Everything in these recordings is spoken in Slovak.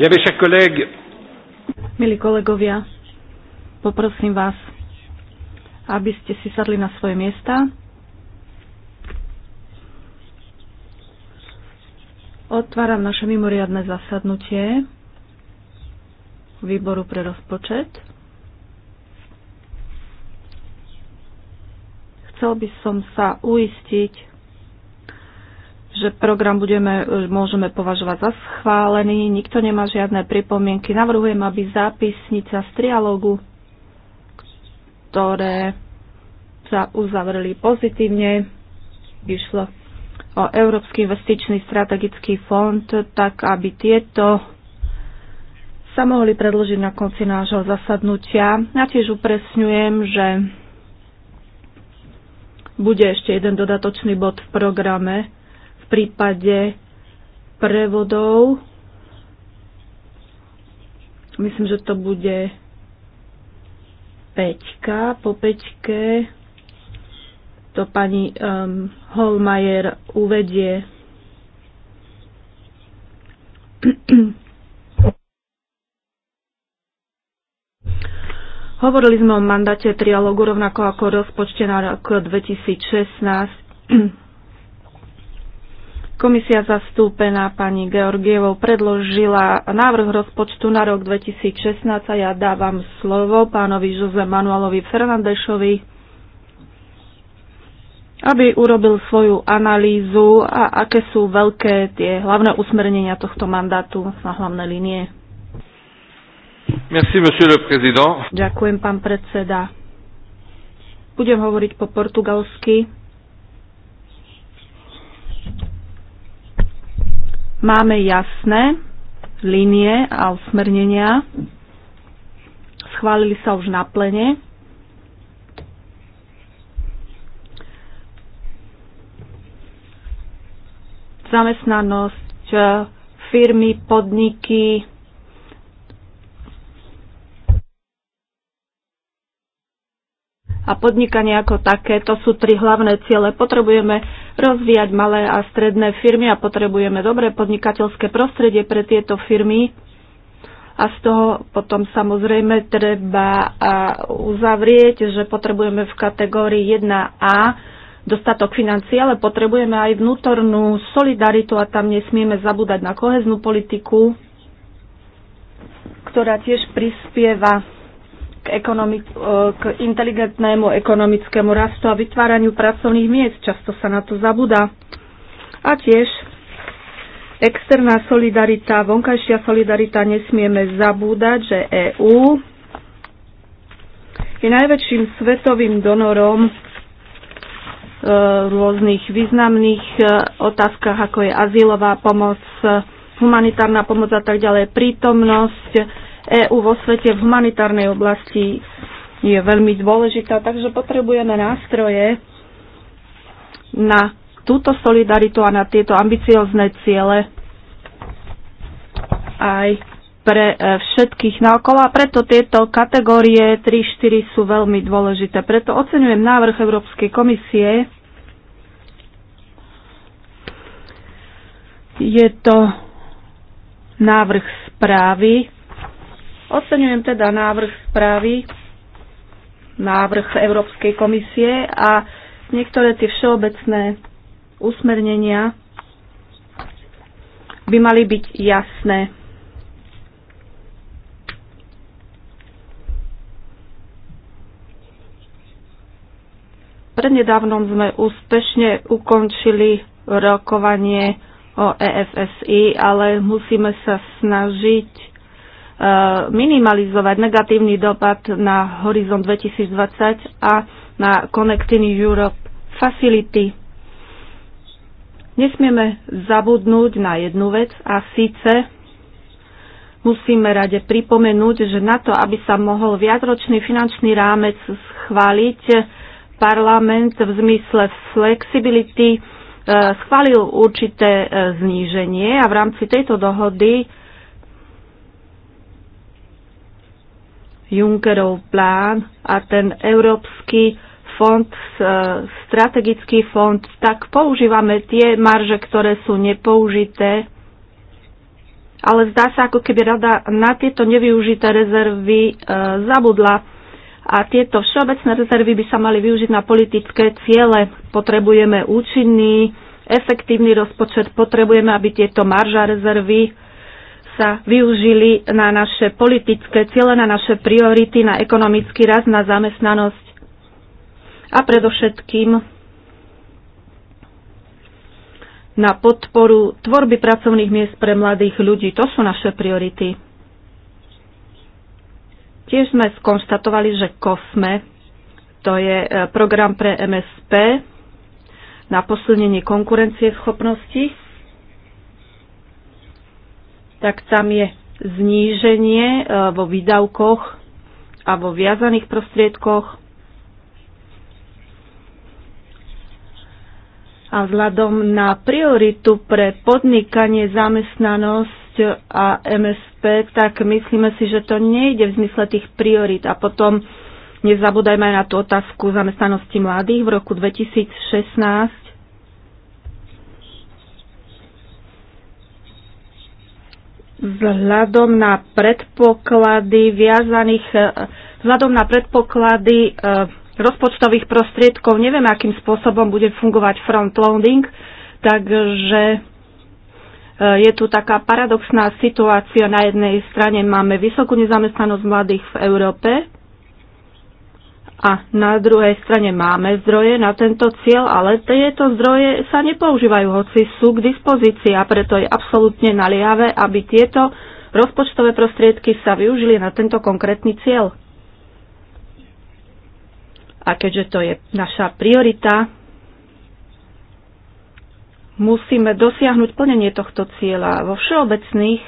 Ja, mes Milí kolegovia, poprosím vás, aby ste si sadli na svoje miesta. Otváram naše mimoriadne zasadnutie výboru pre rozpočet. Chcel by som sa uistiť, že program budeme, e, môžeme považovať za schválený, nikto nemá žiadne pripomienky. Navrhujem, aby zápisnica z trialógu, ktoré sa uzavreli pozitívne, išlo o Európsky investičný strategický fond, tak aby tieto sa mohli predložiť na konci nášho zasadnutia. Ja tiež upresňujem, že bude ešte jeden dodatočný bod v programe, prípade prevodov. Myslím, že to bude Peťka. Po pečke, to pani um, Holmajer uvedie. Hovorili sme o mandáte trialogu rovnako ako rozpočte na rok 2016. Komisia zastúpená pani Georgievou predložila návrh rozpočtu na rok 2016 a ja dávam slovo pánovi Jose Manuelovi Fernandešovi, aby urobil svoju analýzu a aké sú veľké tie hlavné usmernenia tohto mandátu na hlavné linie. Merci, monsieur le président. Ďakujem, pán predseda. Budem hovoriť po portugalsky. Máme jasné línie a usmernenia. Schválili sa už na plene. Zamestnanosť, eh, firmy, podniky, a podnikanie ako také. To sú tri hlavné ciele. Potrebujeme rozvíjať malé a stredné firmy a potrebujeme dobré podnikateľské prostredie pre tieto firmy. A z toho potom samozrejme treba uzavrieť, že potrebujeme v kategórii 1A dostatok financií, ale potrebujeme aj vnútornú solidaritu a tam nesmieme zabúdať na koheznú politiku, ktorá tiež prispieva k, ekonomic- e, k inteligentnému ekonomickému rastu a vytváraniu pracovných miest. Často sa na to zabúda. A tiež externá solidarita, vonkajšia solidarita, nesmieme zabúdať, že EÚ je najväčším svetovým donorom v e, rôznych významných e, otázkach, ako je azylová pomoc, humanitárna pomoc a tak ďalej, prítomnosť EÚ vo svete v humanitárnej oblasti je veľmi dôležitá, takže potrebujeme nástroje na túto solidaritu a na tieto ambiciozne ciele aj pre e, všetkých naokolo a preto tieto kategórie 3-4 sú veľmi dôležité. Preto oceňujem návrh Európskej komisie. Je to návrh správy, Oceňujem teda návrh správy, návrh Európskej komisie a niektoré tie všeobecné usmernenia by mali byť jasné. Prednedávnom sme úspešne ukončili rokovanie o EFSI, ale musíme sa snažiť Eh, minimalizovať negatívny dopad na Horizon 2020 a na Connecting Europe Facility. Nesmieme zabudnúť na jednu vec a síce musíme rade pripomenúť, že na to, aby sa mohol viacročný finančný rámec schváliť, parlament v zmysle flexibility eh, schválil určité eh, zníženie a v rámci tejto dohody Junckerov plán a ten Európsky fond, e, strategický fond, tak používame tie marže, ktoré sú nepoužité, ale zdá sa, ako keby rada na tieto nevyužité rezervy e, zabudla a tieto všeobecné rezervy by sa mali využiť na politické ciele. Potrebujeme účinný, efektívny rozpočet, potrebujeme, aby tieto marža rezervy sa využili na naše politické ciele, na naše priority, na ekonomický rast, na zamestnanosť a predovšetkým na podporu tvorby pracovných miest pre mladých ľudí. To sú naše priority. Tiež sme skonštatovali, že COSME, to je e, program pre MSP na posilnenie konkurencie schopnosti, tak tam je zníženie e, vo výdavkoch a vo viazaných prostriedkoch. A vzhľadom na prioritu pre podnikanie, zamestnanosť a MSP, tak myslíme si, že to nejde v zmysle tých priorit. A potom nezabúdajme aj na tú otázku zamestnanosti mladých. V roku 2016 vzhľadom na predpoklady viazaných, e, vzhľadom na predpoklady e, rozpočtových prostriedkov nevieme, akým spôsobom bude fungovať frontloading, takže e, je tu taká paradoxná situácia. Na jednej strane máme vysokú nezamestnanosť mladých v Európe, a na druhej strane máme zdroje na tento cieľ, ale tieto zdroje sa nepoužívajú, hoci sú k dispozícii a preto je absolútne naliehavé, aby tieto rozpočtové prostriedky sa využili na tento konkrétny cieľ. A keďže to je naša priorita, musíme dosiahnuť plnenie tohto cieľa. Vo všeobecných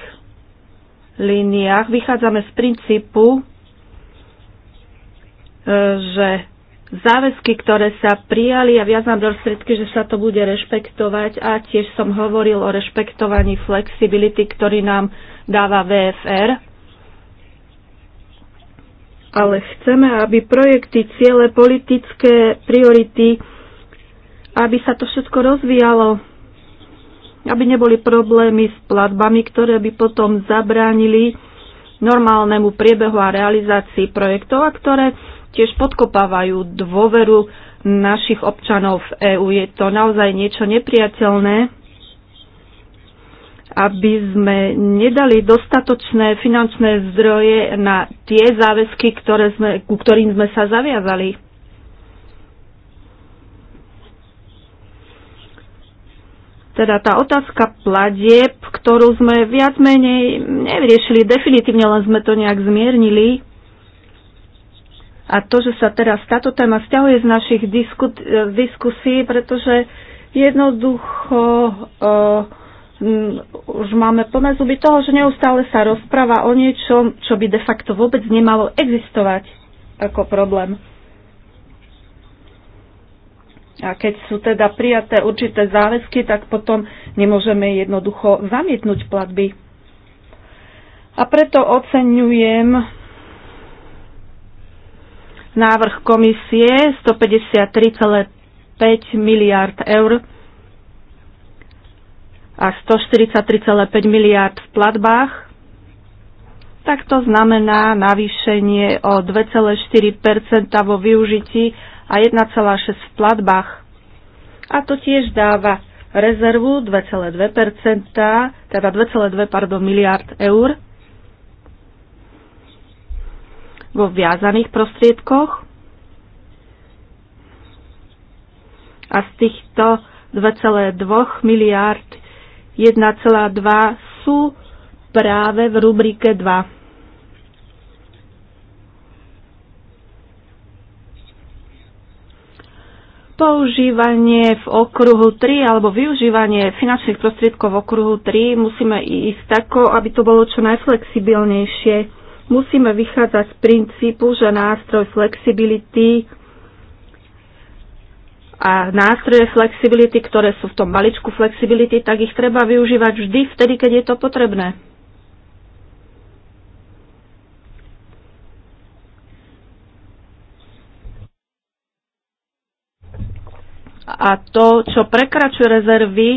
líniách vychádzame z princípu, že záväzky, ktoré sa prijali a viac nám prostriedky, že sa to bude rešpektovať a tiež som hovoril o rešpektovaní flexibility, ktorý nám dáva VFR. Ale chceme, aby projekty, ciele, politické priority, aby sa to všetko rozvíjalo, aby neboli problémy s platbami, ktoré by potom zabránili normálnemu priebehu a realizácii projektov a ktoré tiež podkopávajú dôveru našich občanov v EÚ. Je to naozaj niečo nepriateľné, aby sme nedali dostatočné finančné zdroje na tie záväzky, ktoré sme, ku ktorým sme sa zaviazali. Teda tá otázka pladieb, ktorú sme viac menej nevyriešili definitívne, len sme to nejak zmiernili. A to, že sa teraz táto téma vzťahuje z našich disku, e, diskusí, pretože jednoducho uh, už máme plné zuby toho, že neustále sa rozpráva o niečom, čo by de facto vôbec nemalo existovať ako problém. A keď sú teda prijaté určité záväzky, tak potom nemôžeme jednoducho zamietnúť platby. A preto oceňujem návrh komisie 153,5 miliard eur a 143,5 miliard v platbách, tak to znamená navýšenie o 2,4 vo využití a 1,6 v platbách. A to tiež dáva rezervu 2,2 teda 2,2 pardon, miliard eur vo viazaných prostriedkoch a z týchto 2,2 miliárd 1,2 sú práve v rubrike 2. Používanie v okruhu 3 alebo využívanie finančných prostriedkov v okruhu 3 musíme ísť tako, aby to bolo čo najflexibilnejšie Musíme vychádzať z princípu, že nástroj flexibility a nástroje flexibility, ktoré sú v tom maličku flexibility, tak ich treba využívať vždy vtedy, keď je to potrebné. A to, čo prekračuje rezervy,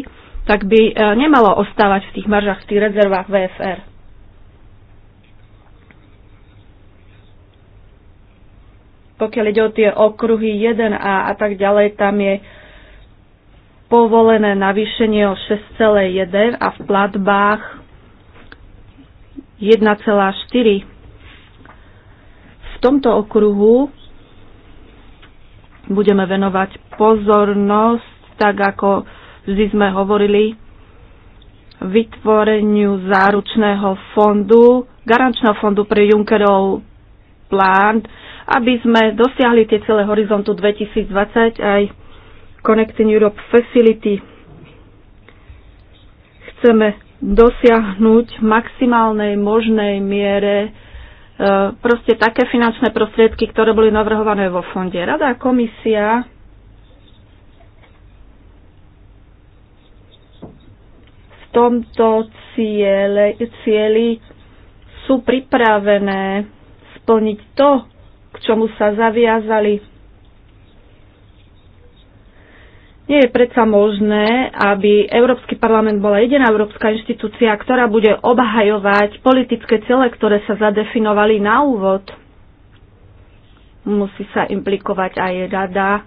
tak by e, nemalo ostávať v tých maržach, v tých rezervách VFR. pokiaľ ide o tie okruhy 1A a tak ďalej, tam je povolené navýšenie o 6,1 a v platbách 1,4. V tomto okruhu budeme venovať pozornosť, tak ako vždy sme hovorili, vytvoreniu záručného fondu, garančného fondu pre Junckerov plán, aby sme dosiahli tie celé horizontu 2020 aj Connecting Europe Facility. Chceme dosiahnuť v maximálnej možnej miere e, proste také finančné prostriedky, ktoré boli navrhované vo fonde. Rada a komisia v tomto ciele, cieli sú pripravené splniť to, k čomu sa zaviazali. Nie je predsa možné, aby Európsky parlament bola jediná európska inštitúcia, ktorá bude obhajovať politické ciele, ktoré sa zadefinovali na úvod. Musí sa implikovať aj rada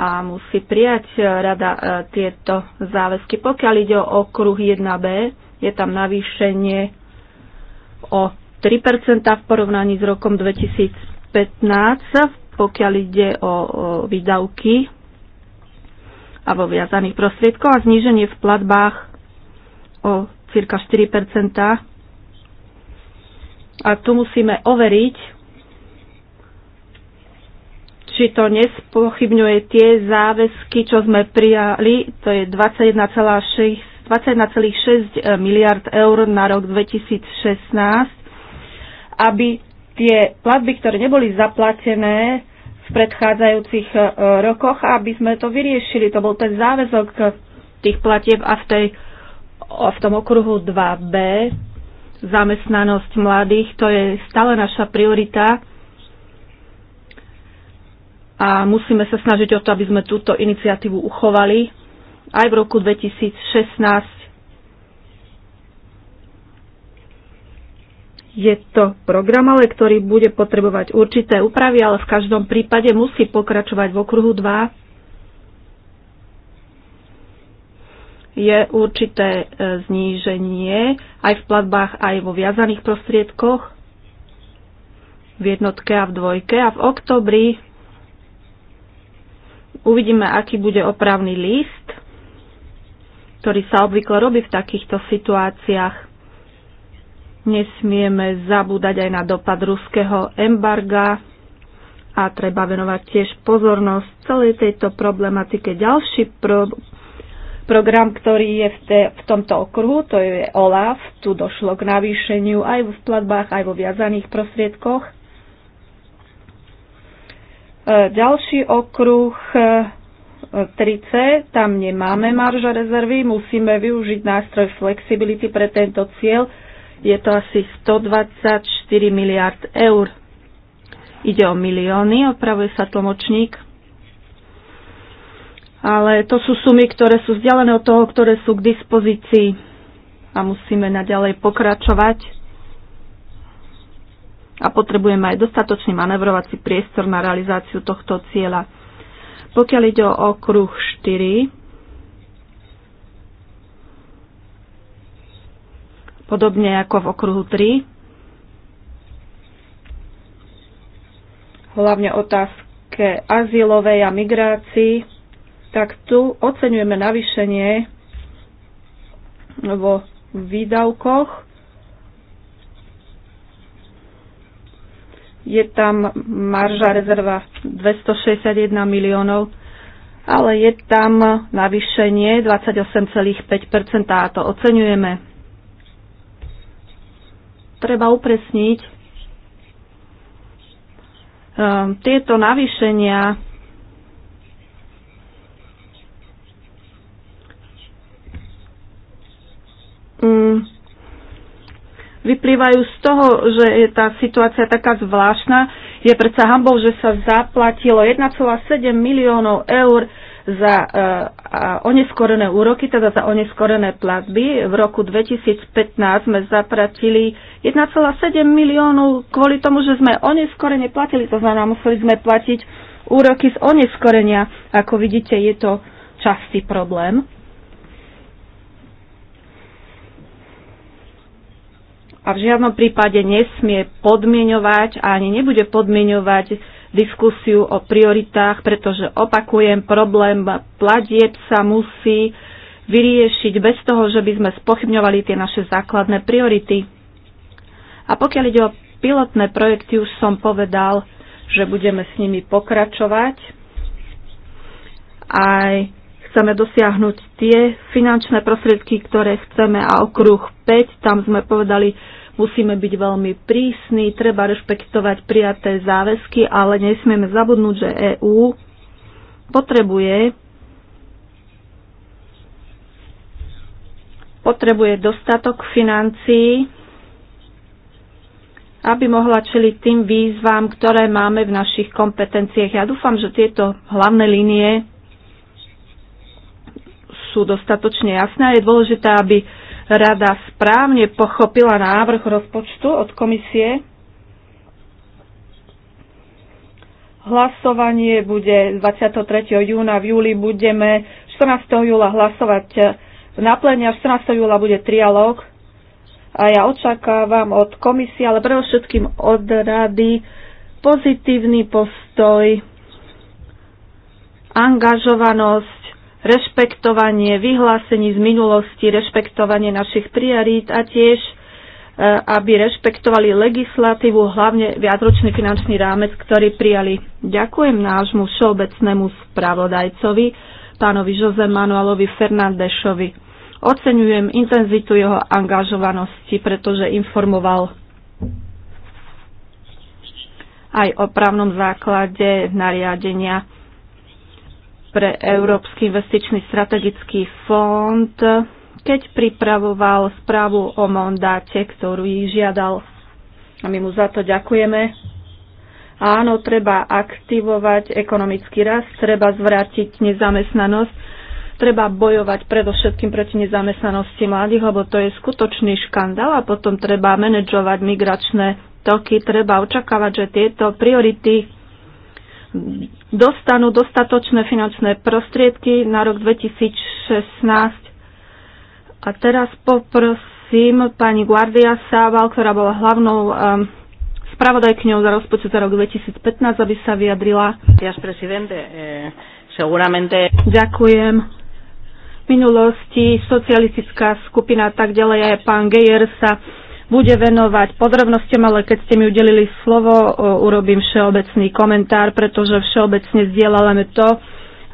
a musí prijať e, rada e, tieto záväzky. Pokiaľ ide o okruh 1b, je tam navýšenie o 3% v porovnaní s rokom 2015. 15, pokiaľ ide o, výdavky alebo viazaných prostriedkov a zníženie v platbách o cirka 4 A tu musíme overiť, či to nespochybňuje tie záväzky, čo sme prijali, to je 21,6 21,6 miliard eur na rok 2016, aby tie platby, ktoré neboli zaplatené v predchádzajúcich e, rokoch, aby sme to vyriešili. To bol ten záväzok tých platieb a v, tej, v tom okruhu 2b zamestnanosť mladých, to je stále naša priorita a musíme sa snažiť o to, aby sme túto iniciatívu uchovali. Aj v roku 2016 Je to program, ale ktorý bude potrebovať určité úpravy, ale v každom prípade musí pokračovať v okruhu 2. Je určité e, zníženie aj v platbách, aj vo viazaných prostriedkoch v jednotke a v dvojke a v oktobri uvidíme, aký bude opravný list, ktorý sa obvykle robí v takýchto situáciách Nesmieme zabúdať aj na dopad ruského embarga a treba venovať tiež pozornosť celej tejto problematike. Ďalší pro, program, ktorý je v, te, v tomto okruhu, to je OLAF. Tu došlo k navýšeniu aj v platbách, aj vo viazaných prostriedkoch. E, ďalší okruh 3C, e, tam nemáme marža rezervy, musíme využiť nástroj flexibility pre tento cieľ je to asi 124 miliard eur. Ide o milióny, opravuje sa tlmočník. Ale to sú sumy, ktoré sú vzdialené od toho, ktoré sú k dispozícii a musíme naďalej pokračovať. A potrebujeme aj dostatočný manevrovací priestor na realizáciu tohto cieľa. Pokiaľ ide o okruh 4, podobne ako v okruhu 3. Hlavne otázke azylovej a migrácii, tak tu oceňujeme navýšenie vo výdavkoch. Je tam marža rezerva 261 miliónov ale je tam navýšenie 28,5 a to oceňujeme treba upresniť e, tieto navýšenia mm, vyplývajú z toho, že je tá situácia taká zvláštna. Je predsa hambou, že sa zaplatilo 1,7 miliónov eur za e, oneskorené úroky, teda za oneskorené platby. V roku 2015 sme zapratili 1,7 miliónov kvôli tomu, že sme oneskorene platili, to znamená, museli sme platiť úroky z oneskorenia. Ako vidíte, je to častý problém. A v žiadnom prípade nesmie podmienovať a ani nebude podmienovať diskusiu o prioritách, pretože opakujem, problém platieb sa musí vyriešiť bez toho, že by sme spochybňovali tie naše základné priority. A pokiaľ ide o pilotné projekty, už som povedal, že budeme s nimi pokračovať. Aj chceme dosiahnuť tie finančné prostriedky, ktoré chceme a okruh 5, tam sme povedali, Musíme byť veľmi prísni, treba rešpektovať prijaté záväzky, ale nesmieme zabudnúť, že EÚ potrebuje potrebuje dostatok financií, aby mohla čeliť tým výzvám, ktoré máme v našich kompetenciách. Ja dúfam, že tieto hlavné línie sú dostatočne jasné. Je dôležité, aby rada správne pochopila návrh rozpočtu od komisie. Hlasovanie bude 23. júna, v júli budeme 14. júla hlasovať na plene a 14. júla bude trialóg. A ja očakávam od komisie, ale predovšetkým od rady pozitívny postoj, angažovanosť rešpektovanie vyhlásení z minulosti, rešpektovanie našich priorít a tiež e, aby rešpektovali legislatívu, hlavne viacročný finančný rámec, ktorý prijali. Ďakujem nášmu všeobecnému spravodajcovi, pánovi Jose Manuelovi Fernandešovi. Oceňujem intenzitu jeho angažovanosti, pretože informoval aj o právnom základe nariadenia pre Európsky investičný strategický fond, keď pripravoval správu o mandáte, ktorú žiadal. A my mu za to ďakujeme. Áno, treba aktivovať ekonomický rast, treba zvrátiť nezamestnanosť, treba bojovať predovšetkým proti nezamestnanosti mladých, lebo to je skutočný škandál a potom treba manažovať migračné toky, treba očakávať, že tieto priority dostanú dostatočné finančné prostriedky na rok 2016. A teraz poprosím pani Guardia Sával, ktorá bola hlavnou um, spravodajkňou za rozpočet za rok 2015, aby sa vyjadrila. Eh, Ďakujem. V minulosti socialistická skupina tak ďalej aj pán Gejer sa bude venovať podrobnostiam, ale keď ste mi udelili slovo, urobím všeobecný komentár, pretože všeobecne vzdielame to,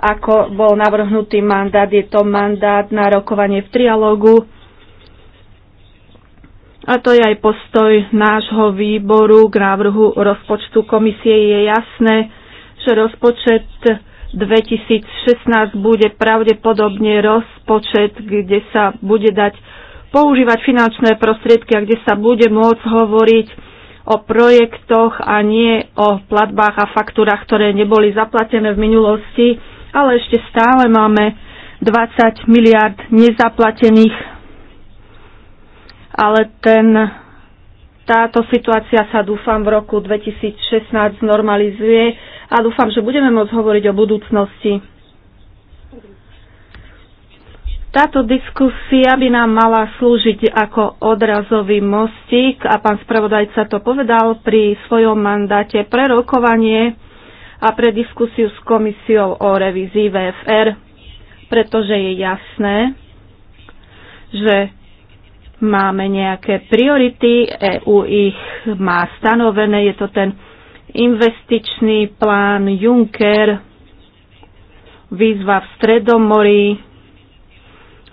ako bol navrhnutý mandát. Je to mandát na rokovanie v trialógu. A to je aj postoj nášho výboru k návrhu rozpočtu komisie. Je jasné, že rozpočet 2016 bude pravdepodobne rozpočet, kde sa bude dať používať finančné prostriedky a kde sa bude môcť hovoriť o projektoch a nie o platbách a faktúrach, ktoré neboli zaplatené v minulosti, ale ešte stále máme 20 miliard nezaplatených. Ale ten, táto situácia sa dúfam v roku 2016 normalizuje a dúfam, že budeme môcť hovoriť o budúcnosti. Táto diskusia by nám mala slúžiť ako odrazový mostík a pán spravodajca to povedal pri svojom mandáte pre rokovanie a pre diskusiu s komisiou o revízii VFR, pretože je jasné, že máme nejaké priority, EU ich má stanovené, je to ten investičný plán Juncker, výzva v Stredomorí,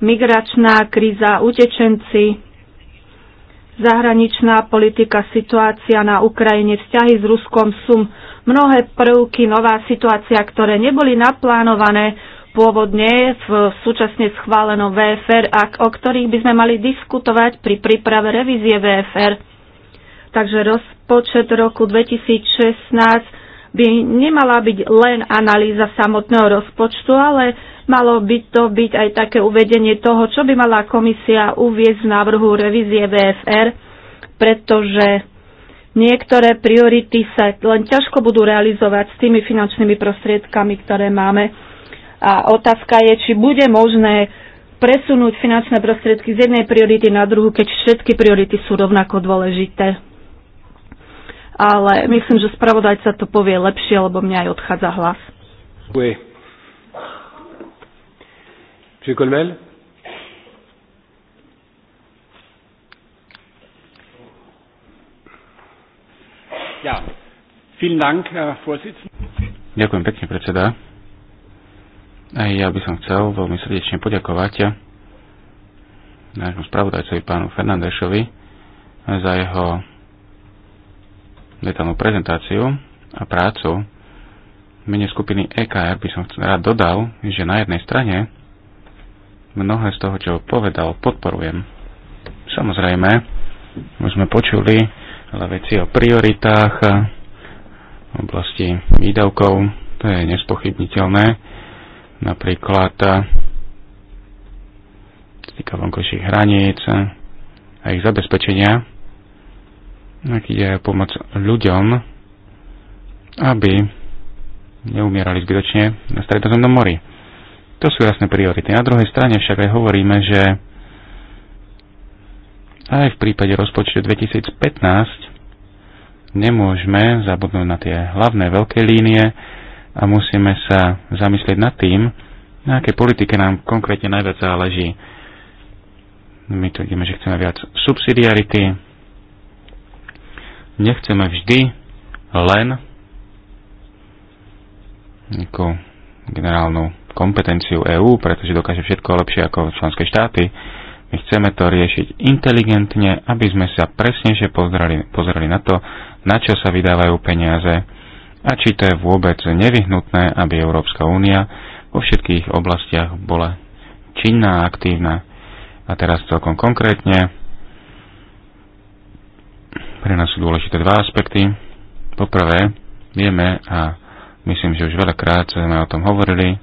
migračná kríza, utečenci, zahraničná politika, situácia na Ukrajine, vzťahy s Ruskom sú mnohé prvky, nová situácia, ktoré neboli naplánované pôvodne v súčasne schválenom VFR a o ktorých by sme mali diskutovať pri príprave revízie VFR. Takže rozpočet roku 2016 by nemala byť len analýza samotného rozpočtu, ale Malo by to byť aj také uvedenie toho, čo by mala komisia uviezť z návrhu revízie VFR, pretože niektoré priority sa len ťažko budú realizovať s tými finančnými prostriedkami, ktoré máme. A otázka je, či bude možné presunúť finančné prostriedky z jednej priority na druhú, keď všetky priority sú rovnako dôležité. Ale myslím, že spravodajca to povie lepšie, lebo mňa aj odchádza hlas. Ďakujem. Monsieur Colmel Ja, vielen Dank, Herr Ďakujem pekne, predseda. Aj ja by som chcel veľmi srdečne poďakovať nášmu spravodajcovi pánu Fernandešovi za jeho detálnu prezentáciu a prácu. V mene skupiny EKR by som rád dodal, že na jednej strane mnohé z toho, čo povedal, podporujem. Samozrejme, už sme počuli ale veci o prioritách v oblasti výdavkov, to je nespochybniteľné. Napríklad eh, týka vonkojších hraníc a ich zabezpečenia, ak ide pomoc ľuďom, aby neumierali zbytočne na stredozemnom mori. To sú jasné priority. Na druhej strane však aj hovoríme, že aj v prípade rozpočtu 2015 nemôžeme zabudnúť na tie hlavné veľké línie a musíme sa zamyslieť nad tým, na aké politike nám konkrétne najviac záleží. My tu ideme, že chceme viac subsidiarity, nechceme vždy len nejakú generálnu kompetenciu EÚ, pretože dokáže všetko lepšie ako členské štáty. My chceme to riešiť inteligentne, aby sme sa presnejšie pozreli, pozreli na to, na čo sa vydávajú peniaze a či to je vôbec nevyhnutné, aby Európska únia vo všetkých oblastiach bola činná a aktívna. A teraz celkom konkrétne pre nás sú dôležité dva aspekty. Poprvé, vieme a myslím, že už veľakrát sme o tom hovorili,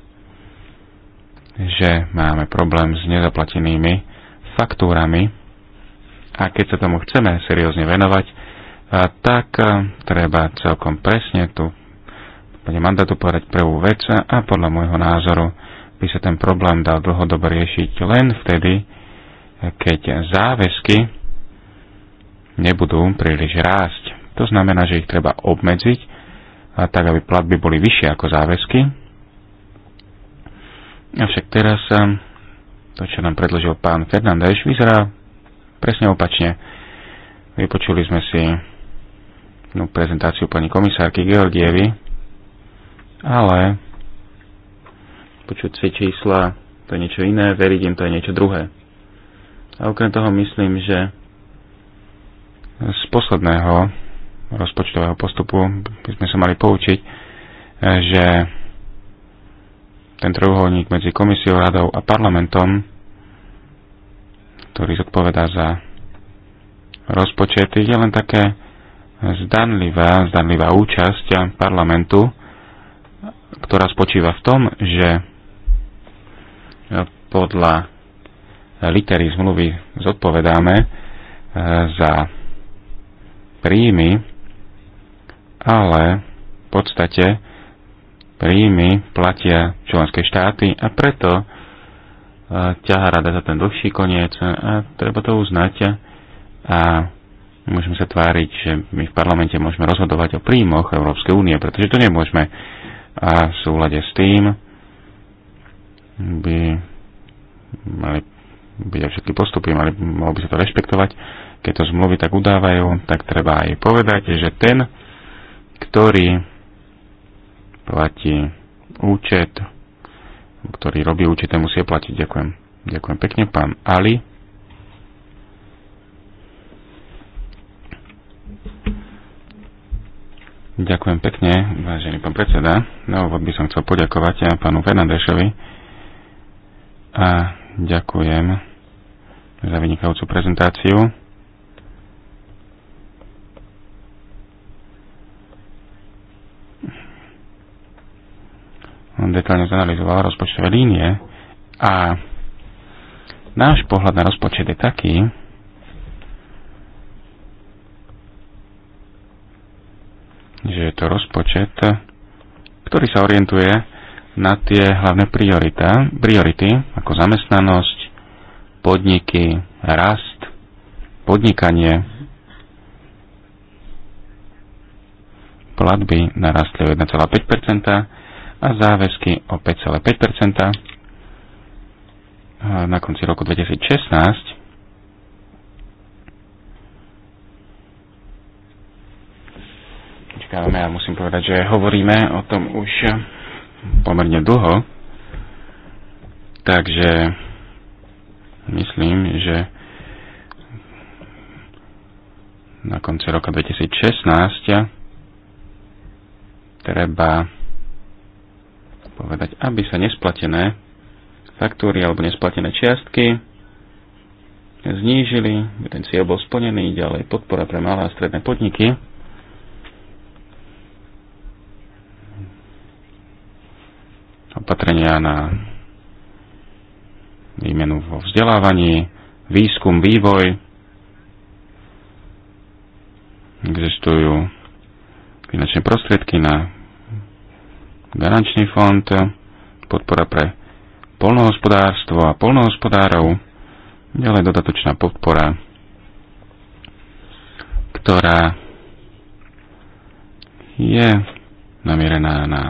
že máme problém s nezaplatenými faktúrami a keď sa tomu chceme seriózne venovať, tak treba celkom presne tu bude mandátu povedať prvú vec a podľa môjho názoru by sa ten problém dal dlhodobo riešiť len vtedy, keď záväzky nebudú príliš rásť. To znamená, že ich treba obmedziť, tak aby platby boli vyššie ako záväzky, Avšak teraz ehm, to, čo nám predložil pán Fernández, vyzerá presne opačne. Vypočuli sme si no, prezentáciu pani komisárky Georgievy, ale počuť si čísla, to je niečo iné, veriť im, to je niečo druhé. A okrem toho myslím, že z posledného rozpočtového postupu by sme sa mali poučiť, že ten trojuholník medzi komisiou, radou a parlamentom, ktorý zodpovedá za rozpočet, je len také zdanlivá, zdanlivá účasť parlamentu, ktorá spočíva v tom, že podľa litery zmluvy zodpovedáme e, za príjmy, ale v podstate príjmy platia členské štáty a preto e, ťaha rada za ten dlhší koniec a treba to uznať a môžeme sa tváriť, že my v parlamente môžeme rozhodovať o príjmoch Európskej únie, pretože to nemôžeme a v súlade s tým by mali byť aj všetky postupy, mali, malo by sa to rešpektovať. Keď to zmluvy tak udávajú, tak treba aj povedať, že ten, ktorý platí účet, ktorý robí účet, musí platiť. Ďakujem. Ďakujem pekne, pán Ali. Ďakujem pekne, vážený pán predseda. Na úvod by som chcel poďakovať ja eh, pánu Fernandešovi a ďakujem za vynikajúcu prezentáciu. detailne zanalizoval rozpočtové línie a náš pohľad na rozpočet je taký, že je to rozpočet, ktorý sa orientuje na tie hlavné priorita, priority, ako zamestnanosť, podniky, rast, podnikanie, platby narastli o 1,5%, a záväzky o 5,5%. Na konci roku 2016 čakáme a musím povedať, že hovoríme o tom už pomerne dlho. Takže myslím, že na konci roka 2016 treba povedať, aby sa nesplatené faktúry alebo nesplatené čiastky znížili, ten cieľ bol splnený, ďalej podpora pre malé a stredné podniky. Opatrenia na výmenu vo vzdelávaní, výskum, vývoj. Existujú finančné prostriedky na garančný fond, podpora pre polnohospodárstvo a polnohospodárov, ďalej dodatočná podpora, ktorá je namierená na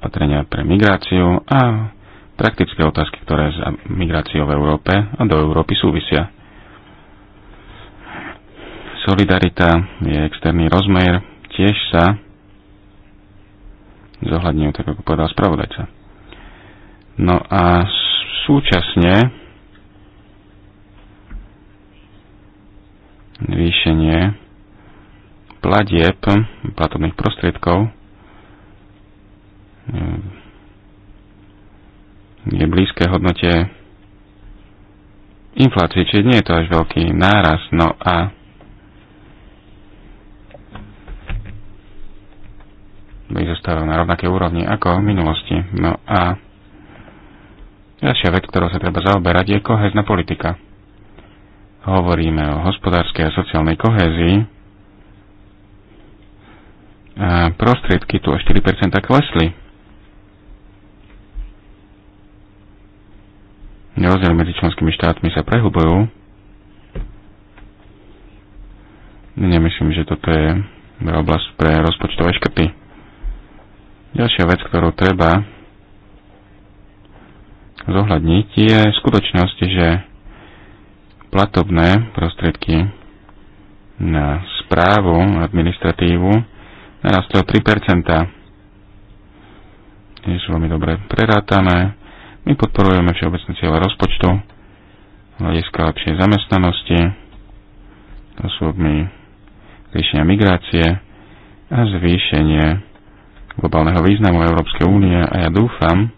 opatrenia pre migráciu a praktické otázky, ktoré s migráciou v Európe a do Európy súvisia. Solidarita je externý rozmer, tiež sa zohľadňujú, tak ako povedal spravodajca. No a súčasne zvýšenie platieb, platobných prostriedkov ehm, je blízke hodnote inflácie, čiže nie je to až veľký náraz. No a by zostával na rovnakej úrovni ako v minulosti. No a ďalšia vec, ktorou sa treba zaoberať, je kohezná politika. Hovoríme o hospodárskej a sociálnej kohézii. A prostriedky tu o 4% klesli. Rozdiel medzi členskými štátmi sa prehubujú. Nemyslím, že toto je oblasť pre rozpočtové škrty. Ďalšia vec, ktorú treba zohľadniť, je skutočnosť, že platobné prostriedky na správu, administratívu narastli o 3%. Nie sú veľmi dobre prerátané. My podporujeme všeobecné cieľe rozpočtu, hľadiska lepšej zamestnanosti, osobný riešenia migrácie a zvýšenie globálneho významu Európskej únie a ja dúfam,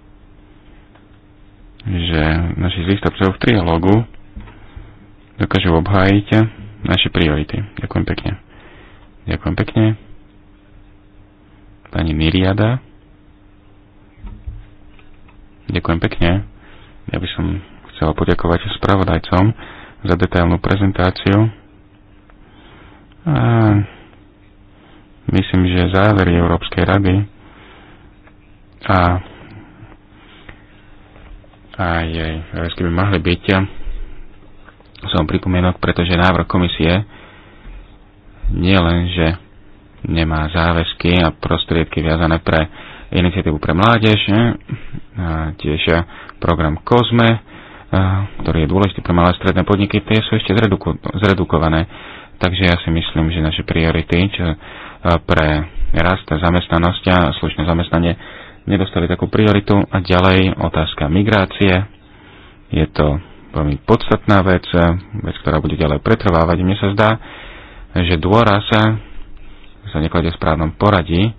že naši zvýstavcov v trialógu dokážu obhájiť naše priority. Ďakujem pekne. Ďakujem pekne. Pani Miriada. Ďakujem pekne. Ja by som chcel poďakovať spravodajcom za detailnú prezentáciu. A Myslím, že závery Európskej rady a, aj jej by mohli byť som pripomienok, pretože návrh komisie nie len, že nemá záväzky a prostriedky viazané pre iniciatívu pre mládež, a tiež program COSME, ktorý je dôležitý pre malé stredné podniky, tie sú ešte zredukované. Takže ja si myslím, že naše priority, čo pre rast, zamestnanosti a slušné zamestnanie nedostali takú prioritu. A ďalej otázka migrácie. Je to veľmi podstatná vec, vec, ktorá bude ďalej pretrvávať. Mne sa zdá, že dôraz sa neklade v správnom poradí.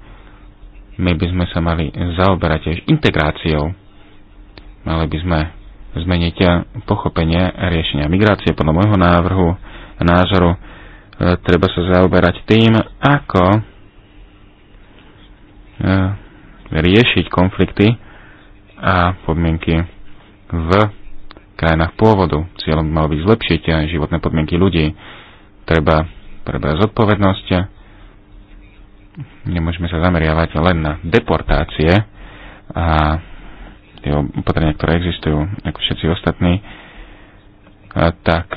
My by sme sa mali zaoberať tiež integráciou. Mali by sme zmeniť pochopenie riešenia migrácie podľa môjho návrhu názoru E, treba sa zaoberať tým, ako e, riešiť konflikty a podmienky v krajinách pôvodu. Cieľom malo byť zlepšiť e, životné podmienky ľudí. Treba prebrať zodpovednosť. Nemôžeme sa zameriavať len na deportácie a tie opatrenia, ktoré existujú, ako všetci ostatní, tak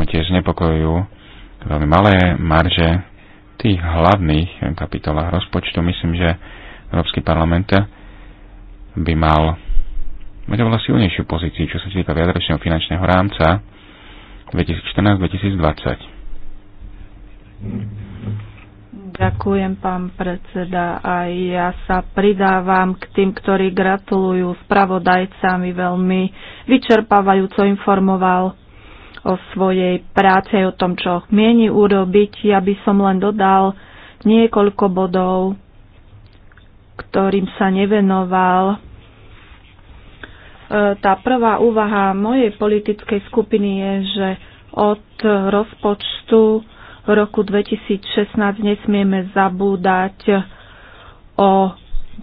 ma tiež znepokojujú veľmi malé marže tých hlavných kapitolách rozpočtu. Myslím, že Európsky parlament by mal mať oveľa silnejšiu pozíciu, čo sa týka viadročného finančného rámca 2014-2020. Ďakujem, pán predseda. A ja sa pridávam k tým, ktorí gratulujú spravodajcami veľmi vyčerpávajúco informoval o svojej práce, o tom, čo mieni urobiť. Ja by som len dodal niekoľko bodov, ktorým sa nevenoval. E, tá prvá úvaha mojej politickej skupiny je, že od rozpočtu roku 2016 nesmieme zabúdať o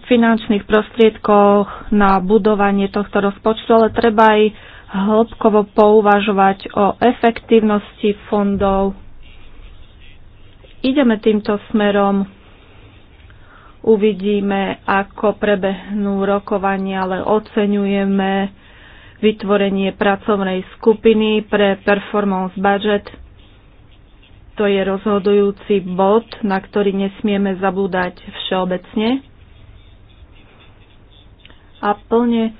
finančných prostriedkoch na budovanie tohto rozpočtu, ale treba aj hĺbkovo pouvažovať o efektívnosti fondov. Ideme týmto smerom. Uvidíme, ako prebehnú rokovania, ale oceňujeme vytvorenie pracovnej skupiny pre performance budget. To je rozhodujúci bod, na ktorý nesmieme zabúdať všeobecne. A plne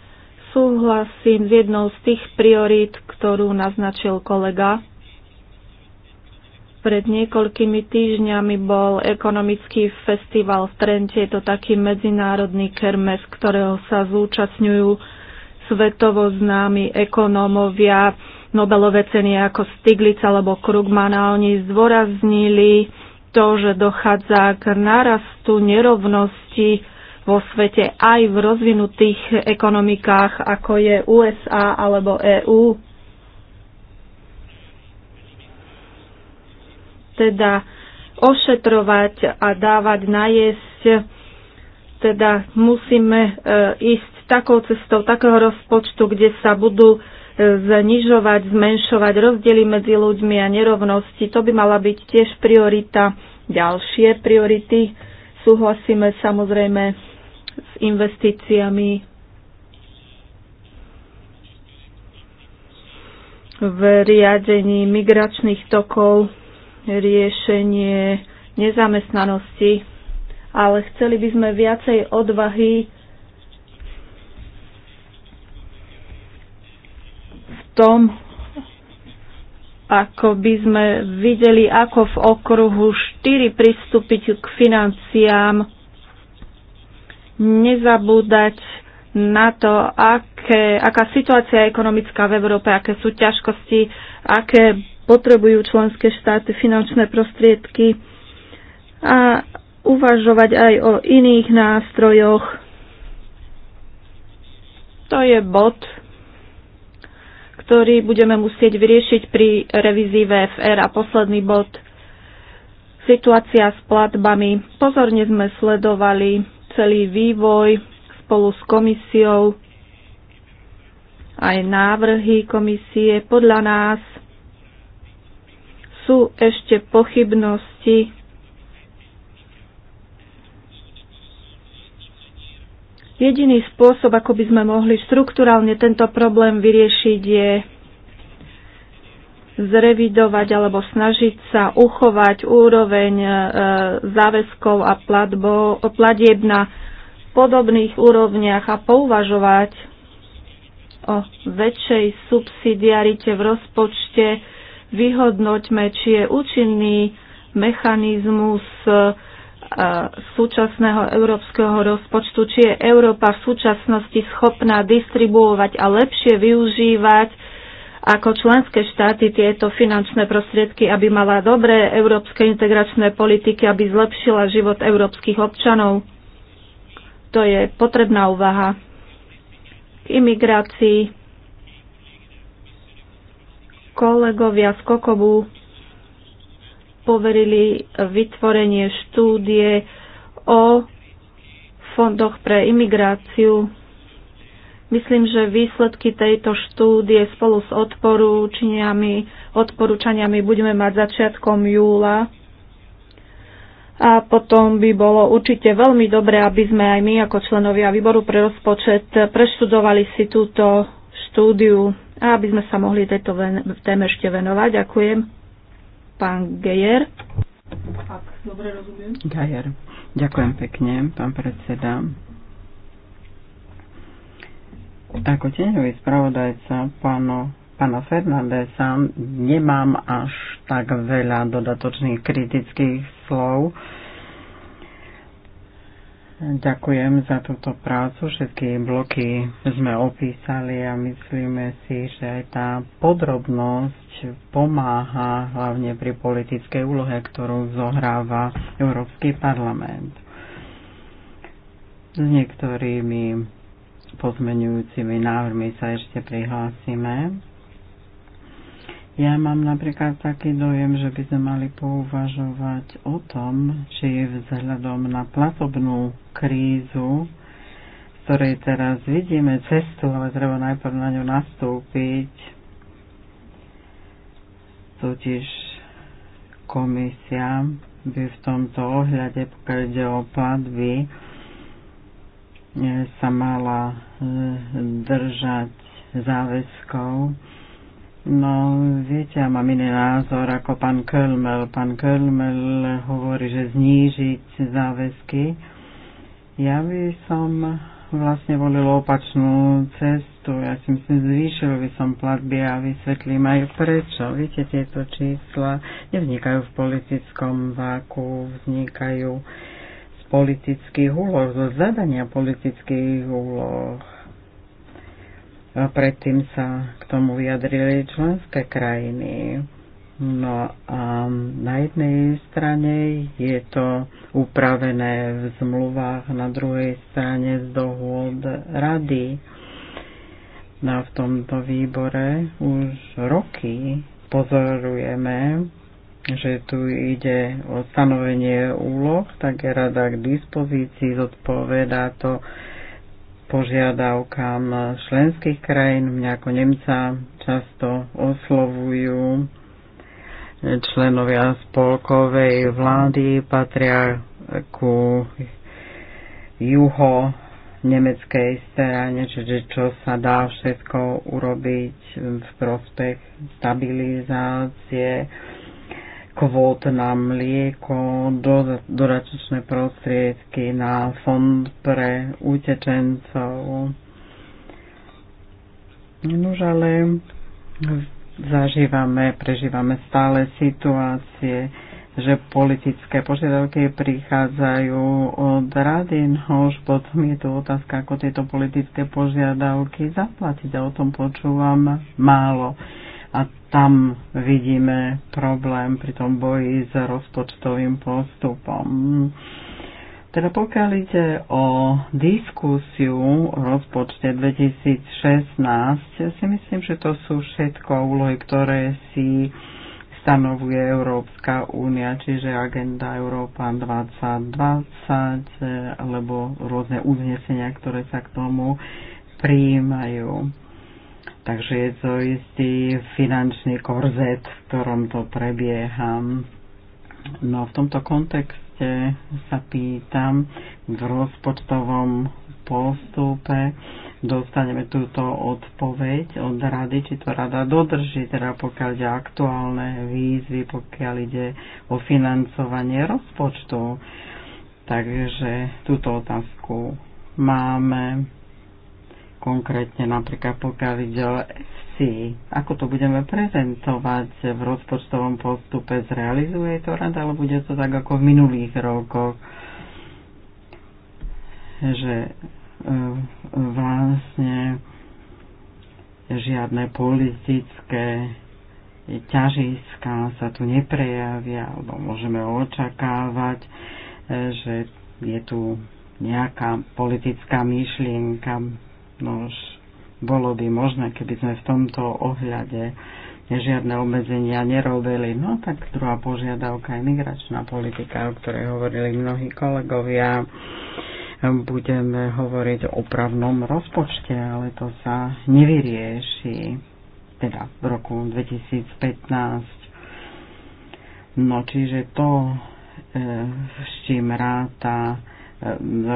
súhlasím s jednou z tých priorít, ktorú naznačil kolega. Pred niekoľkými týždňami bol ekonomický festival v Trente. Je to taký medzinárodný kermes, ktorého sa zúčastňujú svetovo známi ekonómovia, Nobelové ceny ako Stiglitz alebo Krugman a oni zdôraznili to, že dochádza k narastu nerovnosti vo svete aj v rozvinutých ekonomikách, ako je USA alebo EÚ. Teda ošetrovať a dávať najesť, teda musíme e, ísť takou cestou takého rozpočtu, kde sa budú e, znižovať, zmenšovať rozdiely medzi ľuďmi a nerovnosti. To by mala byť tiež priorita. Ďalšie priority súhlasíme samozrejme s investíciami. v riadení migračných tokov, riešenie nezamestnanosti, ale chceli by sme viacej odvahy v tom, ako by sme videli, ako v okruhu 4 pristúpiť k financiám nezabúdať na to, aké, aká situácia je ekonomická v Európe, aké sú ťažkosti, aké potrebujú členské štáty finančné prostriedky a uvažovať aj o iných nástrojoch. To je bod, ktorý budeme musieť vyriešiť pri revízii VFR a posledný bod situácia s platbami. Pozorne sme sledovali celý vývoj spolu s komisiou, aj návrhy komisie podľa nás sú ešte pochybnosti Jediný spôsob, ako by sme mohli štruktúralne tento problém vyriešiť, je zrevidovať alebo snažiť sa uchovať úroveň e, záväzkov a platieb na podobných úrovniach a pouvažovať o väčšej subsidiarite v rozpočte, vyhodnoťme, či je účinný mechanizmus e, súčasného európskeho rozpočtu, či je Európa v súčasnosti schopná distribuovať a lepšie využívať ako členské štáty tieto finančné prostriedky, aby mala dobré európske integračné politiky, aby zlepšila život európskych občanov. To je potrebná úvaha. K imigrácii kolegovia z Kokobu poverili vytvorenie štúdie o fondoch pre imigráciu Myslím, že výsledky tejto štúdie spolu s odporúčaniami, odporúčaniami budeme mať začiatkom júla. A potom by bolo určite veľmi dobré, aby sme aj my ako členovia výboru pre rozpočet preštudovali si túto štúdiu a aby sme sa mohli tejto téme ešte venovať. Ďakujem. Pán Gejer. Ak dobre rozumiem. Gejer. Ďakujem pekne, pán predseda. Ako tieňový spravodajca pánu pána Fernandesa nemám až tak veľa dodatočných kritických slov. Ďakujem za túto prácu. Všetky bloky sme opísali a myslíme si, že aj tá podrobnosť pomáha hlavne pri politickej úlohe, ktorú zohráva Európsky parlament. S niektorými pozmenujúcimi návrhmi sa ešte prihlásime. Ja mám napríklad taký dojem, že by sme mali pouvažovať o tom, či je vzhľadom na platobnú krízu, z ktorej teraz vidíme cestu, ale treba najprv na ňu nastúpiť, totiž komisia by v tomto ohľade, pokiaľ ide o platby, E, sa mala e, držať záväzkov. No, viete, ja mám iný názor ako pán Kölmel. Pán Kölmel hovorí, že znížiť záväzky. Ja by som vlastne volil opačnú cestu. Ja si myslím, zvýšil by som platby a vysvetlím aj prečo. Viete, tieto čísla nevznikajú v politickom váku, vznikajú politických úloh, zo zadania politických úloh. A predtým sa k tomu vyjadrili členské krajiny. No a na jednej strane je to upravené v zmluvách, na druhej strane z dohôd rady. No a v tomto výbore už roky pozorujeme že tu ide o stanovenie úloh, tak je rada k dispozícii, zodpovedá to požiadavkám členských krajín. Mňa ako Nemca často oslovujú členovia spolkovej vlády, patria ku juho nemeckej strane, čiže čo sa dá všetko urobiť v prospech stabilizácie kvót na mlieko, dodatočné prostriedky na fond pre utečencov. Nož ale zažívame, prežívame stále situácie, že politické požiadavky prichádzajú od rady, no už potom je tu otázka, ako tieto politické požiadavky zaplatiť a o tom počúvam málo a tam vidíme problém pri tom boji s rozpočtovým postupom. Teda pokiaľ ide o diskusiu o rozpočte 2016, ja si myslím, že to sú všetko úlohy, ktoré si stanovuje Európska únia, čiže agenda Európa 2020 alebo rôzne uznesenia, ktoré sa k tomu prijímajú. Takže je to istý finančný korzet, v ktorom to prebieham. No v tomto kontexte sa pýtam v rozpočtovom postupe dostaneme túto odpoveď od rady, či to rada dodrží, teda pokiaľ ide aktuálne výzvy, pokiaľ ide o financovanie rozpočtu. Takže túto otázku máme konkrétne napríklad pokiaľ ide o FC, ako to budeme prezentovať v rozpočtovom postupe, zrealizuje to rada, ale bude to tak ako v minulých rokoch, že e, vlastne žiadne politické ťažiska sa tu neprejavia, alebo môžeme očakávať, e, že je tu nejaká politická myšlienka. No už bolo by možné, keby sme v tomto ohľade žiadne obmedzenia nerobili. No tak druhá požiadavka je migračná politika, o ktorej hovorili mnohí kolegovia. Budeme hovoriť o právnom rozpočte, ale to sa nevyrieši teda v roku 2015. No čiže to, eh, s čím ráta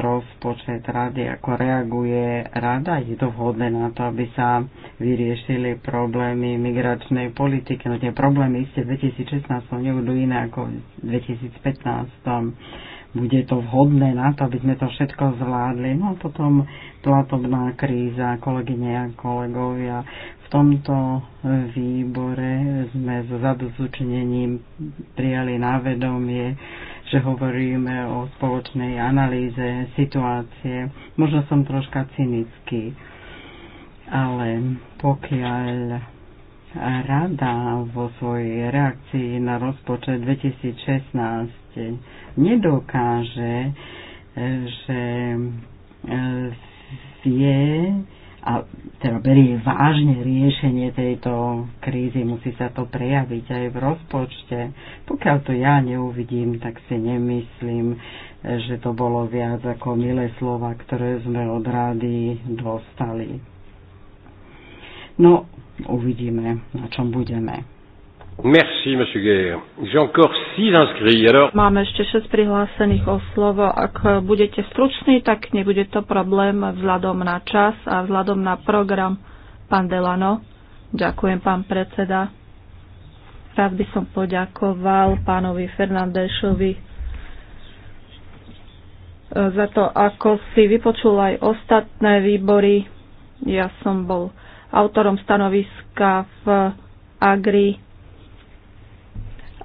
rozpočet rady, ako reaguje rada. Je to vhodné na to, aby sa vyriešili problémy migračnej politiky. No tie problémy iste v 2016 nebudú iné ako v 2015. Bude to vhodné na to, aby sme to všetko zvládli. No a potom platobná kríza, kolegyne a kolegovia. V tomto výbore sme so zadozučnením prijali na vedomie že hovoríme o spoločnej analýze situácie. Možno som troška cynický, ale pokiaľ rada vo svojej reakcii na rozpočet 2016 nedokáže, že vie, a teda berie vážne riešenie tejto krízy, musí sa to prejaviť aj v rozpočte. Pokiaľ to ja neuvidím, tak si nemyslím, že to bolo viac ako milé slova, ktoré sme od rády dostali. No, uvidíme, na čom budeme. Merci, monsieur Guerre. J'ai encore six inscrits, alors... Máme ešte 6 prihlásených o slovo. Ak budete stručný, tak nebude to problém vzhľadom na čas a vzhľadom na program. Pán Delano, ďakujem, pán predseda. Rád by som poďakoval pánovi Fernandešovi eh, za to, ako si vypočul aj ostatné výbory. Ja som bol autorom stanoviska v Agri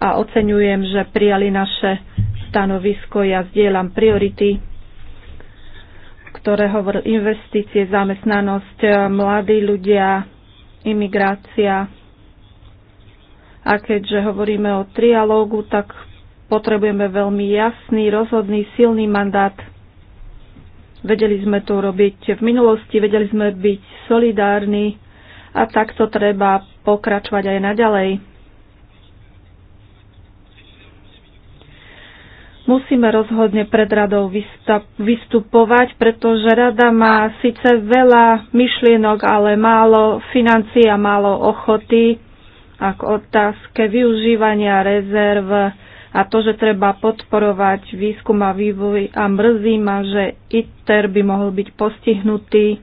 a oceňujem, že prijali naše stanovisko. Ja zdieľam priority, ktoré hovoril investície, zamestnanosť, eh, mladí ľudia, imigrácia. A keďže hovoríme o trialógu, tak potrebujeme veľmi jasný, rozhodný, silný mandát Vedeli sme to robiť v minulosti, vedeli sme byť solidárni a takto treba pokračovať aj naďalej. Musíme rozhodne pred radou vystupovať, pretože rada má síce veľa myšlienok, ale málo financií a málo ochoty a k otázke využívania rezerv a to, že treba podporovať výskum a vývoj a mrzí ma, že ITER by mohol byť postihnutý.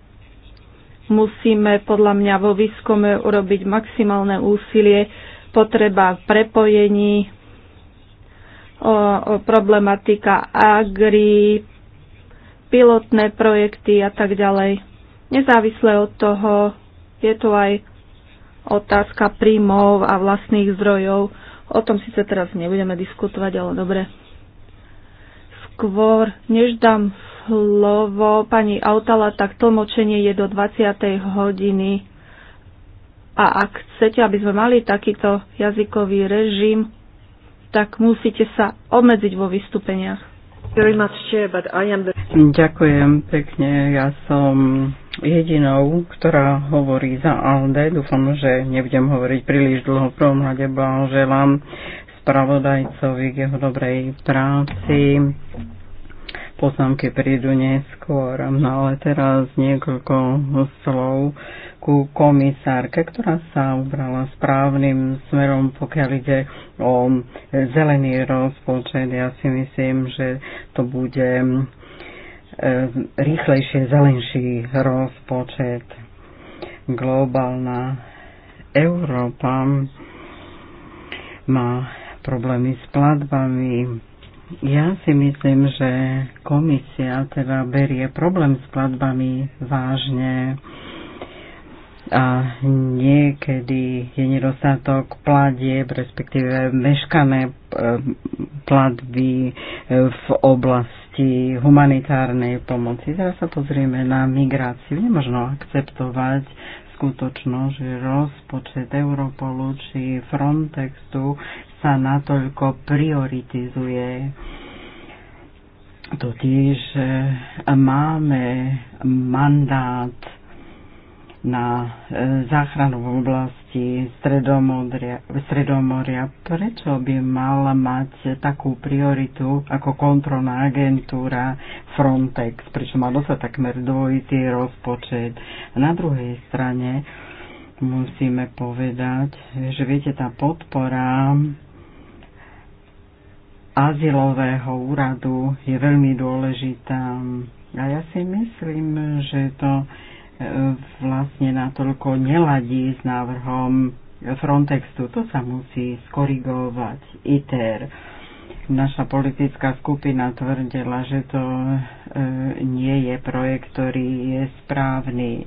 Musíme podľa mňa vo výskume urobiť maximálne úsilie, potreba prepojení problematika agri, pilotné projekty a tak ďalej. Nezávisle od toho je tu aj otázka príjmov a vlastných zdrojov. O tom síce teraz nebudeme diskutovať, ale dobre. Skôr, než dám slovo pani Autala, tak tlmočenie je do 20. hodiny. A ak chcete, aby sme mali takýto jazykový režim, tak musíte sa obmedziť vo vystúpeniach. Ďakujem pekne. Ja som jedinou, ktorá hovorí za ALDE. Dúfam, že nebudem hovoriť príliš dlho. V prvom rade blahoželám spravodajcovi k jeho dobrej práci poznámky prídu neskôr. No ale teraz niekoľko slov ku komisárke, ktorá sa ubrala správnym smerom, pokiaľ ide o zelený rozpočet. Ja si myslím, že to bude e, rýchlejšie, zelenší rozpočet. Globálna Európa má problémy s platbami, ja si myslím, že komisia teda berie problém s platbami vážne a niekedy je nedostatok platieb, respektíve meškané e, platby e, v oblasti humanitárnej pomoci. Teraz sa pozrieme na migráciu. Nemožno akceptovať skutočnosť, že rozpočet Europolu či Frontextu sa natoľko prioritizuje. Totiž e, máme mandát na e, záchranu v oblasti Stredomoria. Prečo by mala mať takú prioritu ako kontrolná agentúra Frontex? Prečo má sa takmer dvojitý rozpočet? Na druhej strane musíme povedať, že viete, tá podpora azylového úradu je veľmi dôležitá. A ja si myslím, že to e, vlastne natoľko neladí s návrhom Frontextu. To sa musí skorigovať ITER. Naša politická skupina tvrdila, že to e, nie je projekt, ktorý je správny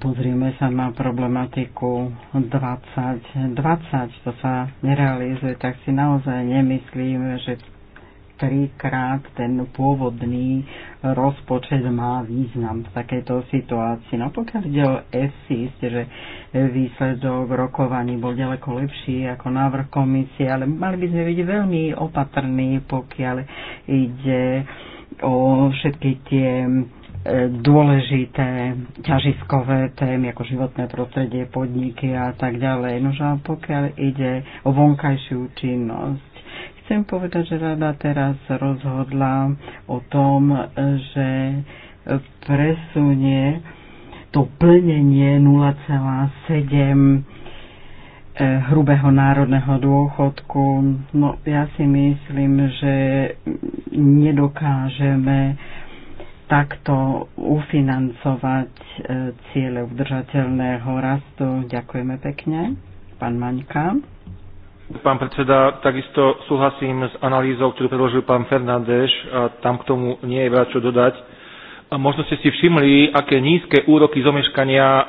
Pozrieme sa na problematiku 2020, 20, to sa nerealizuje, tak si naozaj nemyslíme, že trikrát ten pôvodný rozpočet má význam v takejto situácii. No pokiaľ ide o ESI, že výsledok rokovaní bol ďaleko lepší ako návrh komisie, ale mali by sme byť veľmi opatrní, pokiaľ ide o všetky tie E, dôležité ťažiskové témy ako životné prostredie, podniky a tak ďalej. No a pokiaľ ide o vonkajšiu činnosť, chcem povedať, že rada teraz rozhodla o tom, že presunie to plnenie 0,7 e, hrubého národného dôchodku. No ja si myslím, že nedokážeme takto ufinancovať e, ciele udržateľného rastu. Ďakujeme pekne. Pán Maňka. Pán predseda, takisto súhlasím s analýzou, ktorú predložil pán Fernández a tam k tomu nie je veľa čo dodať. A možno ste si všimli, aké nízke úroky zomeškania e,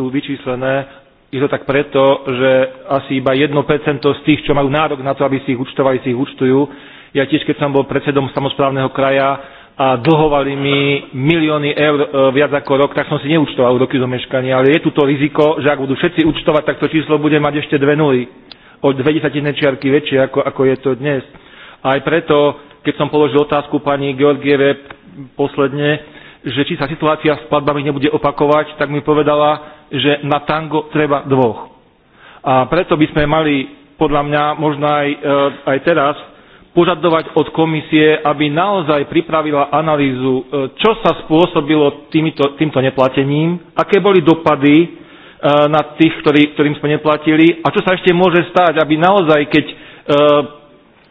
sú vyčíslené. Je to tak preto, že asi iba 1% z tých, čo majú nárok na to, aby si ich účtovali, si ich účtujú. Ja tiež, keď som bol predsedom samozprávneho kraja, a dlhovali mi milióny eur e, viac ako rok, tak som si neúčtoval roky meškania, ale je tu to riziko, že ak budú všetci účtovať, tak to číslo bude mať ešte dve nuly. O dve desatine čiarky väčšie, ako, ako je to dnes. Aj preto, keď som položil otázku pani Georgieve posledne, že či sa situácia s platbami nebude opakovať, tak mi povedala, že na tango treba dvoch. A preto by sme mali, podľa mňa, možno aj, e, aj teraz, požadovať od komisie, aby naozaj pripravila analýzu, e, čo sa spôsobilo týmito, týmto neplatením, aké boli dopady e, na tých, ktorý, ktorým sme neplatili a čo sa ešte môže stať, aby naozaj, keď e,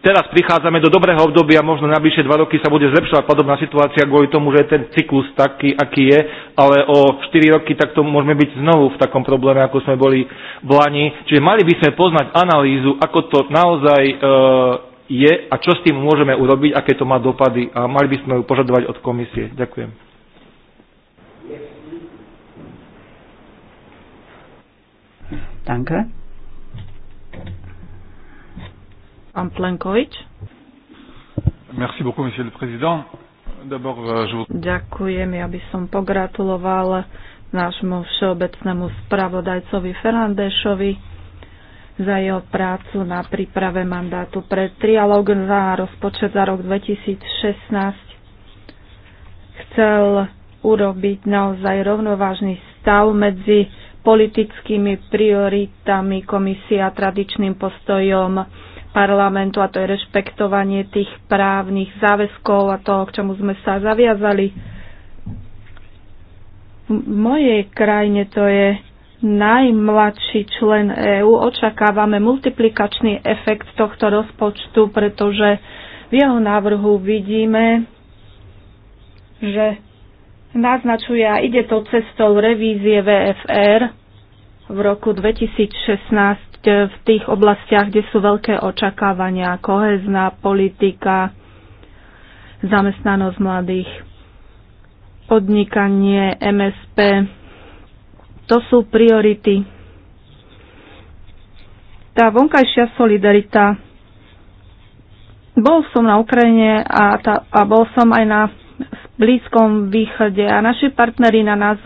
teraz prichádzame do dobrého obdobia, možno najbližšie dva roky sa bude zlepšovať podobná situácia kvôli tomu, že je ten cyklus taký, aký je, ale o 4 roky takto môžeme byť znovu v takom probléme, ako sme boli v Lani. Čiže mali by sme poznať analýzu, ako to naozaj je a čo s tým môžeme urobiť, aké to má dopady a mali by sme ju požadovať od komisie. Ďakujem. Danke. Pán Plenkovič. Merci beaucoup, monsieur le président. Euh, Ďakujem, ja by som pogratuloval nášmu všeobecnému spravodajcovi Fernandešovi za jeho prácu na príprave mandátu pre trialog za rozpočet za rok 2016. Chcel urobiť naozaj rovnovážny stav medzi politickými prioritami komisie a tradičným postojom parlamentu, a to je rešpektovanie tých právnych záväzkov a toho, k čomu sme sa zaviazali. V mojej krajine to je najmladší člen EÚ, očakávame multiplikačný efekt tohto rozpočtu, pretože v jeho návrhu vidíme, že naznačuje a ide to cestou revízie VFR v roku 2016 v tých oblastiach, kde sú veľké očakávania, kohezná politika, zamestnanosť mladých, podnikanie, MSP, to sú priority. Tá vonkajšia solidarita. Bol som na Ukrajine a, tá, a bol som aj na Blízkom východe a naši partneri na nás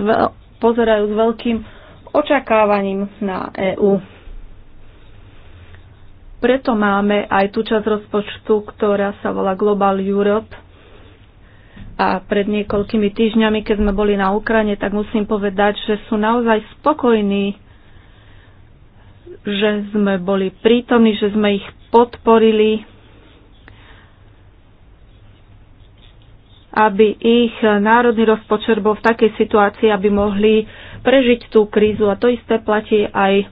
pozerajú s veľkým očakávaním na EÚ. Preto máme aj tú časť rozpočtu, ktorá sa volá Global Europe a pred niekoľkými týždňami, keď sme boli na Ukrajine, tak musím povedať, že sú naozaj spokojní, že sme boli prítomní, že sme ich podporili, aby ich národný rozpočet bol v takej situácii, aby mohli prežiť tú krízu. A to isté platí aj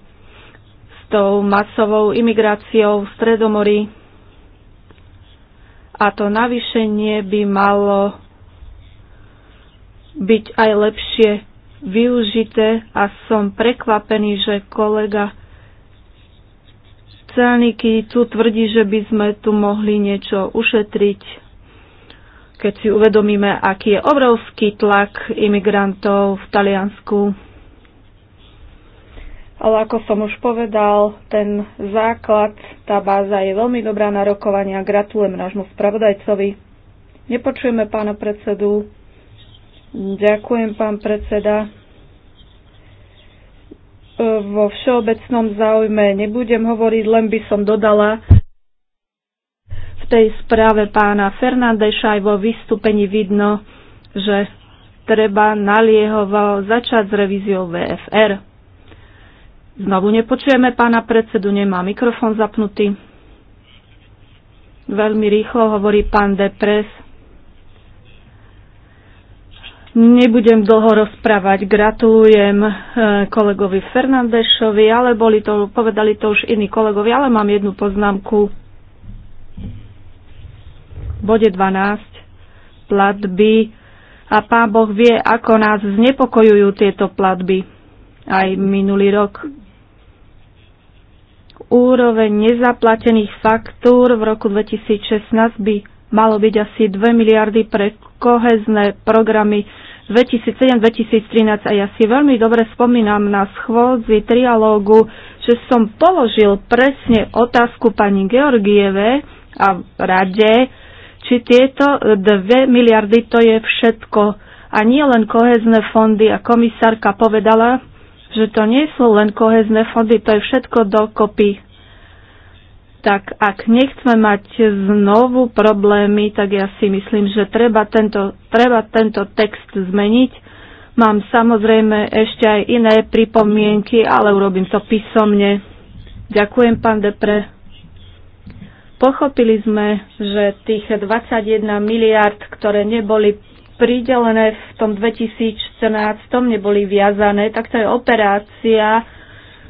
s tou masovou imigráciou v Stredomorí. A to navýšenie by malo byť aj lepšie využité a som prekvapený, že kolega Celníky tu tvrdí, že by sme tu mohli niečo ušetriť, keď si uvedomíme, aký je obrovský tlak imigrantov v Taliansku. Ale ako som už povedal, ten základ, tá báza je veľmi dobrá na rokovania. Gratulujem nášmu spravodajcovi. Nepočujeme pána predsedu. Ďakujem, pán predseda. E, vo všeobecnom záujme nebudem hovoriť, len by som dodala v tej správe pána Fernandeša aj vo vystúpení vidno, že treba naliehovo začať s revíziou VFR. Znovu nepočujeme pána predsedu, nemá mikrofón zapnutý. Veľmi rýchlo hovorí pán Depres Nebudem dlho rozprávať. Gratulujem e, kolegovi Fernandešovi, ale boli to, povedali to už iní kolegovi, ale mám jednu poznámku. V bode 12. Platby. A pán Boh vie, ako nás znepokojujú tieto platby. Aj minulý rok. Úroveň nezaplatených faktúr v roku 2016 by malo byť asi 2 miliardy pre kohezné programy 2007-2013 a ja si veľmi dobre spomínam na schôdzi trialógu, že som položil presne otázku pani Georgieve a rade, či tieto 2 miliardy to je všetko. A nie len kohezné fondy. A komisárka povedala, že to nie sú len kohezné fondy, to je všetko dokopy tak ak nechceme mať znovu problémy, tak ja si myslím, že treba tento, treba tento text zmeniť. Mám samozrejme ešte aj iné pripomienky, ale urobím to písomne. Ďakujem, pán Depre. Pochopili sme, že tých 21 miliard, ktoré neboli pridelené v tom 2014, neboli viazané, tak to je operácia,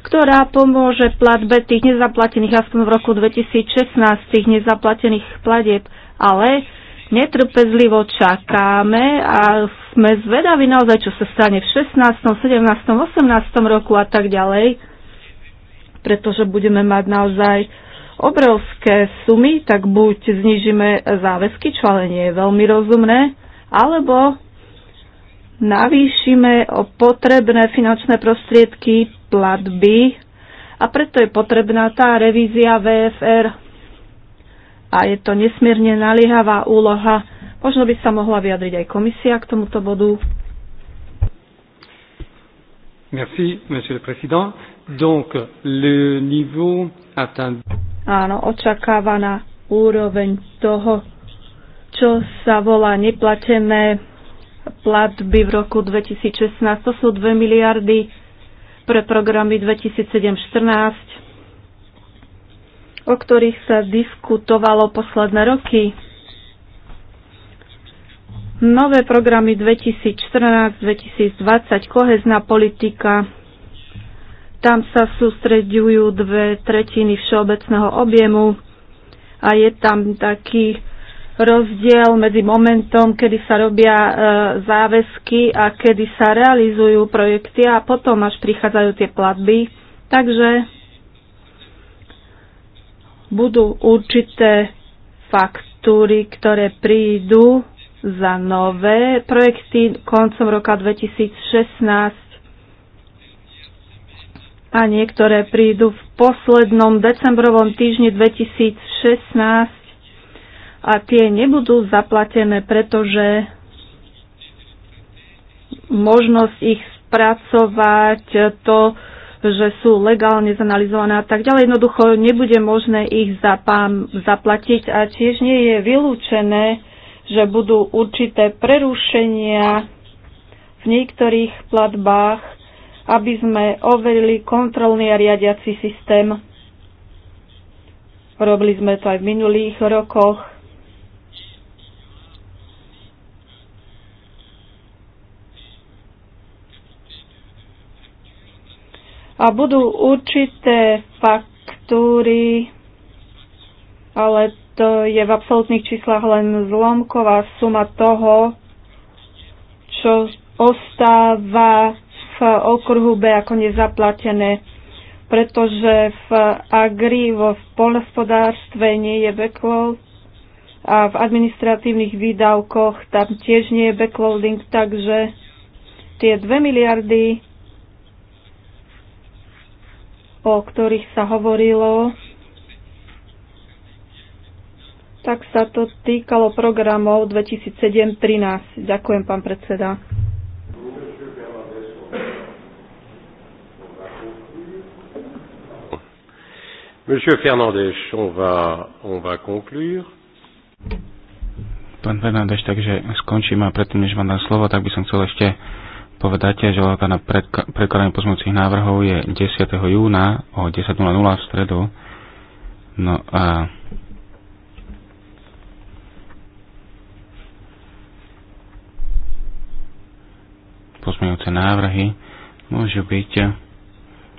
ktorá pomôže platbe tých nezaplatených aspoň v roku 2016 tých nezaplatených platieb, ale netrpezlivo čakáme a sme zvedaví naozaj, čo sa stane v 16., 17., 18. roku a tak ďalej, pretože budeme mať naozaj obrovské sumy, tak buď znižíme záväzky, čo ale nie je veľmi rozumné, alebo navýšime o potrebné finančné prostriedky platby a preto je potrebná tá revízia VFR a je to nesmierne naliehavá úloha. Možno by sa mohla vyjadriť aj komisia k tomuto bodu. Merci, monsieur le président. Donc, le niveau atteint... Áno, očakávaná úroveň toho, čo sa volá neplatené platby v roku 2016. To sú 2 miliardy pre programy 2007-14, o ktorých sa diskutovalo posledné roky. Nové programy 2014-2020, kohezná politika, tam sa sústredujú dve tretiny všeobecného objemu a je tam taký rozdiel medzi momentom, kedy sa robia e, záväzky a kedy sa realizujú projekty a potom až prichádzajú tie platby. Takže budú určité faktúry, ktoré prídu za nové projekty koncom roka 2016 a niektoré prídu v poslednom decembrovom týždni 2016 a tie nebudú zaplatené, pretože možnosť ich spracovať, to, že sú legálne zanalizované a tak ďalej, jednoducho nebude možné ich zapam, zaplatiť a tiež nie je vylúčené, že budú určité prerušenia v niektorých platbách, aby sme overili kontrolný a riadiaci systém. Robili sme to aj v minulých rokoch. a budú určité faktúry, ale to je v absolútnych číslach len zlomková suma toho, čo ostáva v okruhu B ako nezaplatené, pretože v agri, vo polnospodárstve nie je backload a v administratívnych výdavkoch tam tiež nie je backloading, takže tie 2 miliardy o ktorých sa hovorilo, tak sa to týkalo programov 2007-13. Ďakujem, pán predseda. Monsieur Fernandez, on va, on va conclure. Pán Fernández, takže skončím a predtým, než vám dám slovo, tak by som chcel ešte povedáte, že lehota na predkladanie pozmúcich návrhov je 10. júna o 10.00 v stredu. No a pozmeňujúce návrhy môžu byť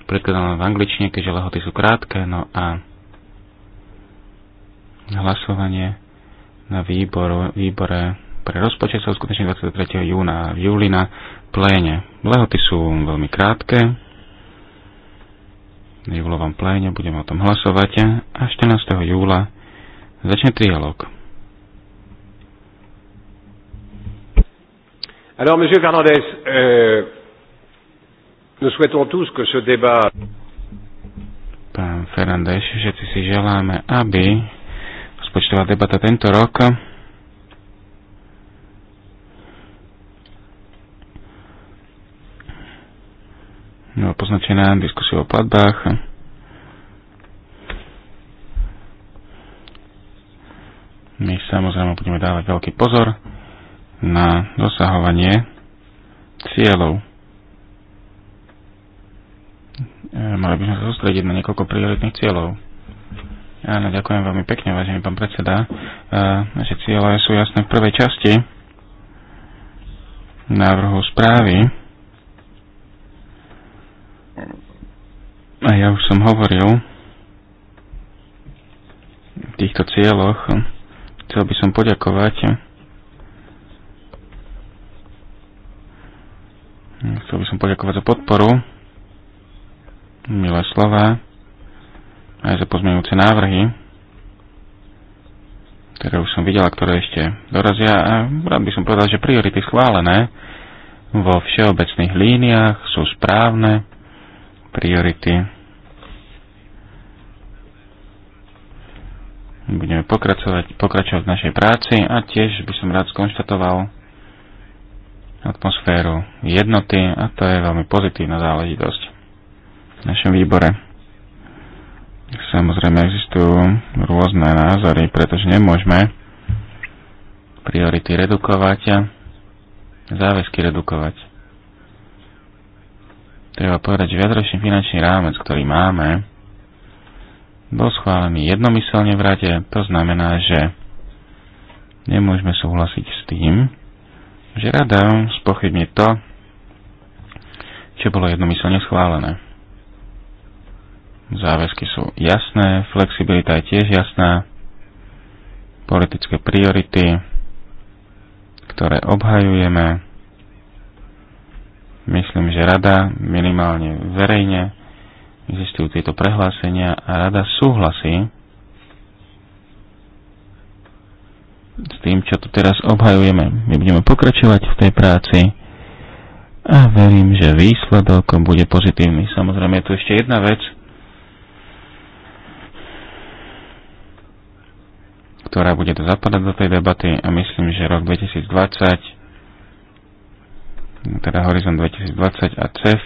predkladané v angličtine, keďže lehoty sú krátke, no a hlasovanie na výboru, výbore pre rozpočet sa uskutoční 23. júna a júlina pléne. Lehoty sú veľmi krátke. Na júlovom pléne budeme o tom hlasovať a 14. júla začne trialog. Alors, Monsieur Fernandez, euh, nous souhaitons tous que ce débat... Pán Fernandez, všetci si želáme, aby rozpočtová debata tento rok no, poznačená diskusiou o platbách. My samozrejme budeme dávať veľký pozor na dosahovanie cieľov. E, mali by sme sa sústrediť na niekoľko prioritných cieľov. Áno, ďakujem veľmi pekne, vážený pán predseda. E, naše cieľe sú jasné v prvej časti návrhu správy A ja už som hovoril v týchto cieľoch. Chcel by som poďakovať Chcel by som poďakovať za podporu, milé slova, aj za pozmeňujúce návrhy, ktoré už som videla, ktoré ešte dorazia a rád by som povedal, že priority schválené vo všeobecných líniách sú správne, priority. Budeme pokračovať, pokračovať v našej práci a tiež by som rád skonštatoval atmosféru jednoty a to je veľmi pozitívna záležitosť v našom výbore. Samozrejme existujú rôzne názory, pretože nemôžeme priority redukovať a záväzky redukovať treba povedať, že viacročný finančný rámec, ktorý máme, bol schválený jednomyselne v rade. To znamená, že nemôžeme súhlasiť s tým, že rada spochybne to, čo bolo jednomyselne schválené. Záväzky sú jasné, flexibilita je tiež jasná, politické priority, ktoré obhajujeme, Myslím, že rada minimálne verejne existujú tieto prehlásenia a rada súhlasí s tým, čo tu teraz obhajujeme. My budeme pokračovať v tej práci a verím, že výsledok bude pozitívny. Samozrejme je tu ešte jedna vec, ktorá bude to zapadať do tej debaty a myslím, že rok 2020 teda Horizon 2020 a Ces.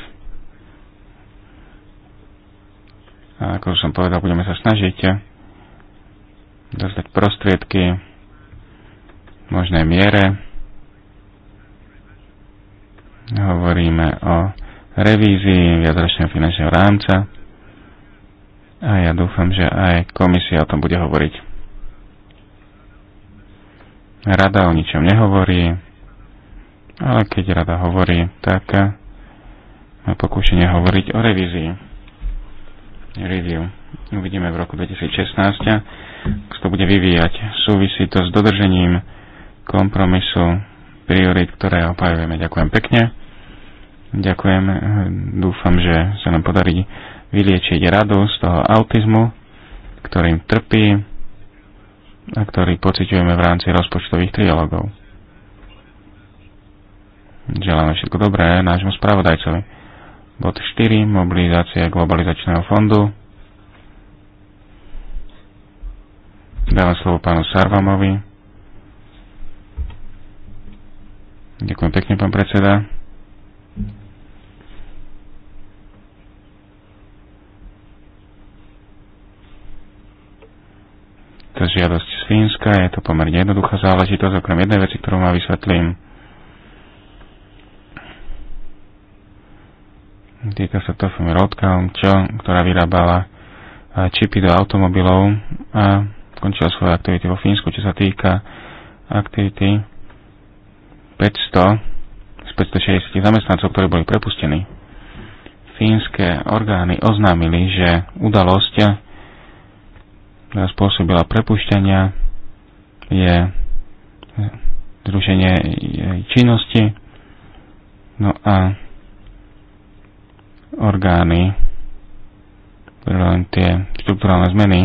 A ako som povedal, budeme sa snažiť dostať prostriedky v možnej miere. Hovoríme o revízii viacročného finančného rámca a ja dúfam, že aj komisia o tom bude hovoriť. Rada o ničom nehovorí ale keď rada hovorí, tak má pokúšenie hovoriť o revízii. Review. Uvidíme v roku 2016, ako to bude vyvíjať. Súvisí to s dodržením kompromisu priorit, ktoré opajujeme. Ďakujem pekne. Ďakujem. Dúfam, že sa nám podarí vyliečiť radu z toho autizmu, ktorým trpí a ktorý pociťujeme v rámci rozpočtových trialogov. Želáme všetko dobré nášmu spravodajcovi. Bod 4. Mobilizácia globalizačného fondu. Dávam slovo pánu Sarvamovi. Ďakujem pekne, pán predseda. Tá žiadosť z Fínska je to pomerne jednoduchá záležitosť, okrem jednej veci, ktorú vám vysvetlím. týka sa to firmy Roadcount, čo, ktorá vyrábala eh, čipy do automobilov a končila svoje aktivity vo Fínsku, čo sa týka aktivity 500 z 560 zamestnancov, ktorí boli prepustení. Fínske orgány oznámili, že udalosť, ktorá spôsobila prepušťania, je zrušenie činnosti. No a orgány, len tie štruktúrálne zmeny.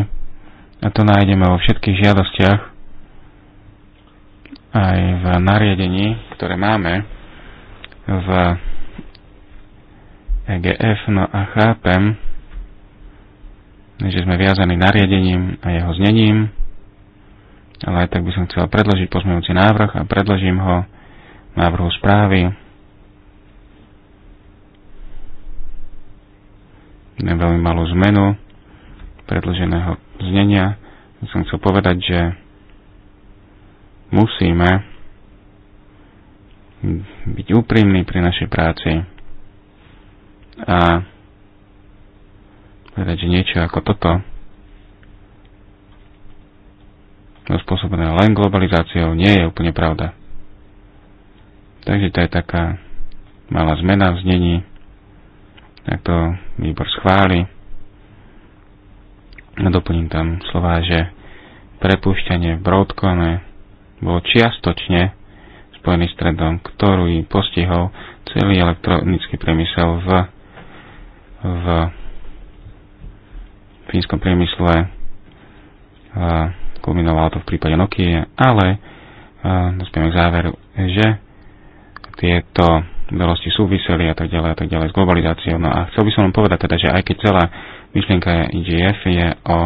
A to nájdeme vo všetkých žiadostiach, aj v nariadení, ktoré máme v EGF. No a chápem, že sme viazaní nariadením a jeho znením, ale aj tak by som chcel predložiť pozmeňujúci návrh a predložím ho návrhu správy veľmi malú zmenu predloženého znenia. Som chcel povedať, že musíme byť úprimní pri našej práci a povedať, že niečo ako toto no, spôsobené len globalizáciou nie je úplne pravda. Takže to je taká malá zmena v znení tak to výbor schváli, doplním tam slova, že prepušťanie v Broadcome bolo čiastočne spojený s trendom, ktorý postihol celý elektronický priemysel v, v fínskom priemysle. kulminovalo to v prípade Nokia, ale dospieme k záveru, že tieto udalosti súviseli a tak ďalej a tak ďalej s globalizáciou. No a chcel by som vám povedať teda, že aj keď celá myšlienka IGF je o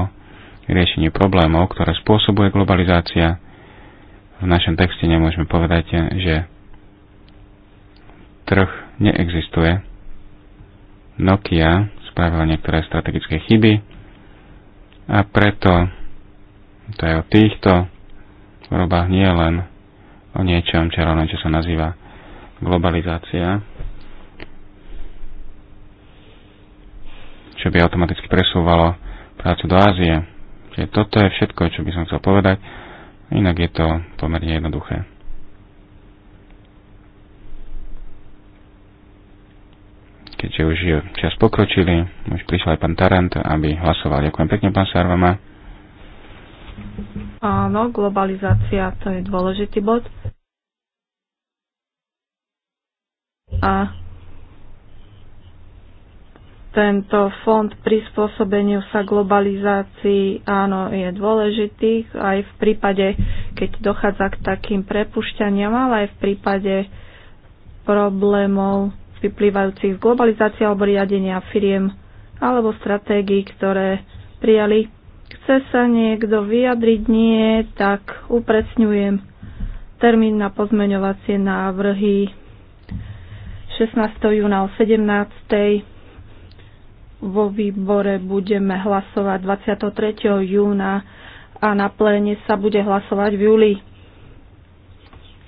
riešení problémov, ktoré spôsobuje globalizácia, v našom texte nemôžeme povedať, že trh neexistuje. Nokia spravila niektoré strategické chyby a preto to je o týchto robách nie len o niečom čarovnom, čo sa nazýva globalizácia, čo by automaticky presúvalo prácu do Ázie. Čiže toto je všetko, čo by som chcel povedať, inak je to pomerne jednoduché. keďže už je čas pokročili, už prišiel aj pán Tarant, aby hlasoval. Ďakujem pekne, pán Sarvama. Áno, globalizácia to je dôležitý bod. a tento fond prispôsobeniu sa globalizácii áno, je dôležitý aj v prípade, keď dochádza k takým prepušťaniam, ale aj v prípade problémov vyplývajúcich z globalizácie alebo riadenia firiem alebo stratégií, ktoré prijali. Chce sa niekto vyjadriť? Nie, tak upresňujem termín na pozmeňovacie návrhy 16. júna o 17. Vo výbore budeme hlasovať 23. júna a na pléne sa bude hlasovať v júli.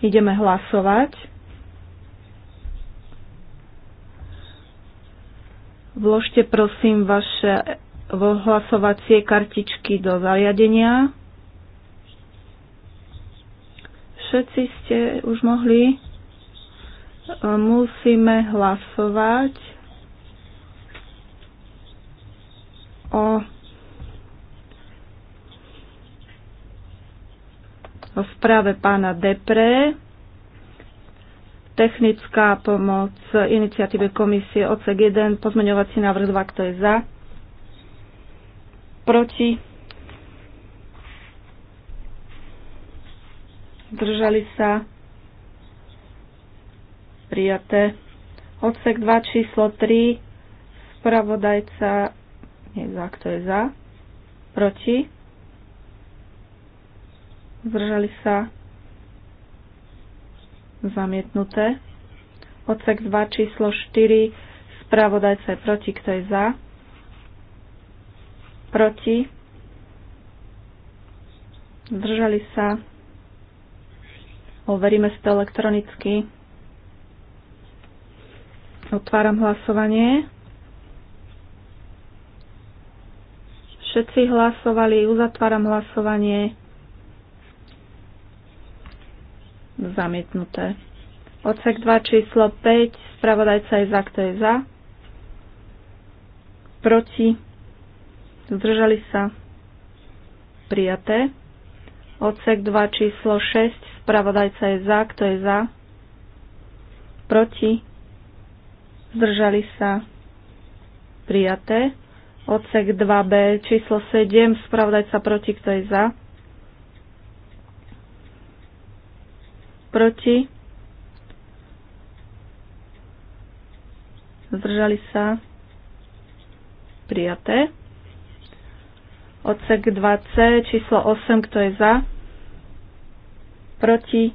Ideme hlasovať. Vložte prosím vaše hlasovacie kartičky do zariadenia. Všetci ste už mohli musíme hlasovať o, o správe pána Depre, technická pomoc iniciatíve komisie oceg 1, pozmeňovací návrh 2, kto je za, proti, držali sa, prijaté. Odsek 2 číslo 3, spravodajca, nie za, kto je za, proti, zdržali sa, zamietnuté. Odsek 2 číslo 4, spravodajca je proti, kto je za, proti, zdržali sa, overíme si to elektronicky. Otváram hlasovanie. Všetci hlasovali, uzatváram hlasovanie. Zamietnuté. Odsek 2 číslo 5, spravodajca je za, kto je za. Proti. Zdržali sa. Prijaté. Odsek 2 číslo 6, spravodajca je za, kto je za. Proti zdržali sa prijaté. Odsek 2b číslo 7, sa proti, kto je za? Proti. Zdržali sa prijaté. Odsek 2c číslo 8, kto je za? Proti.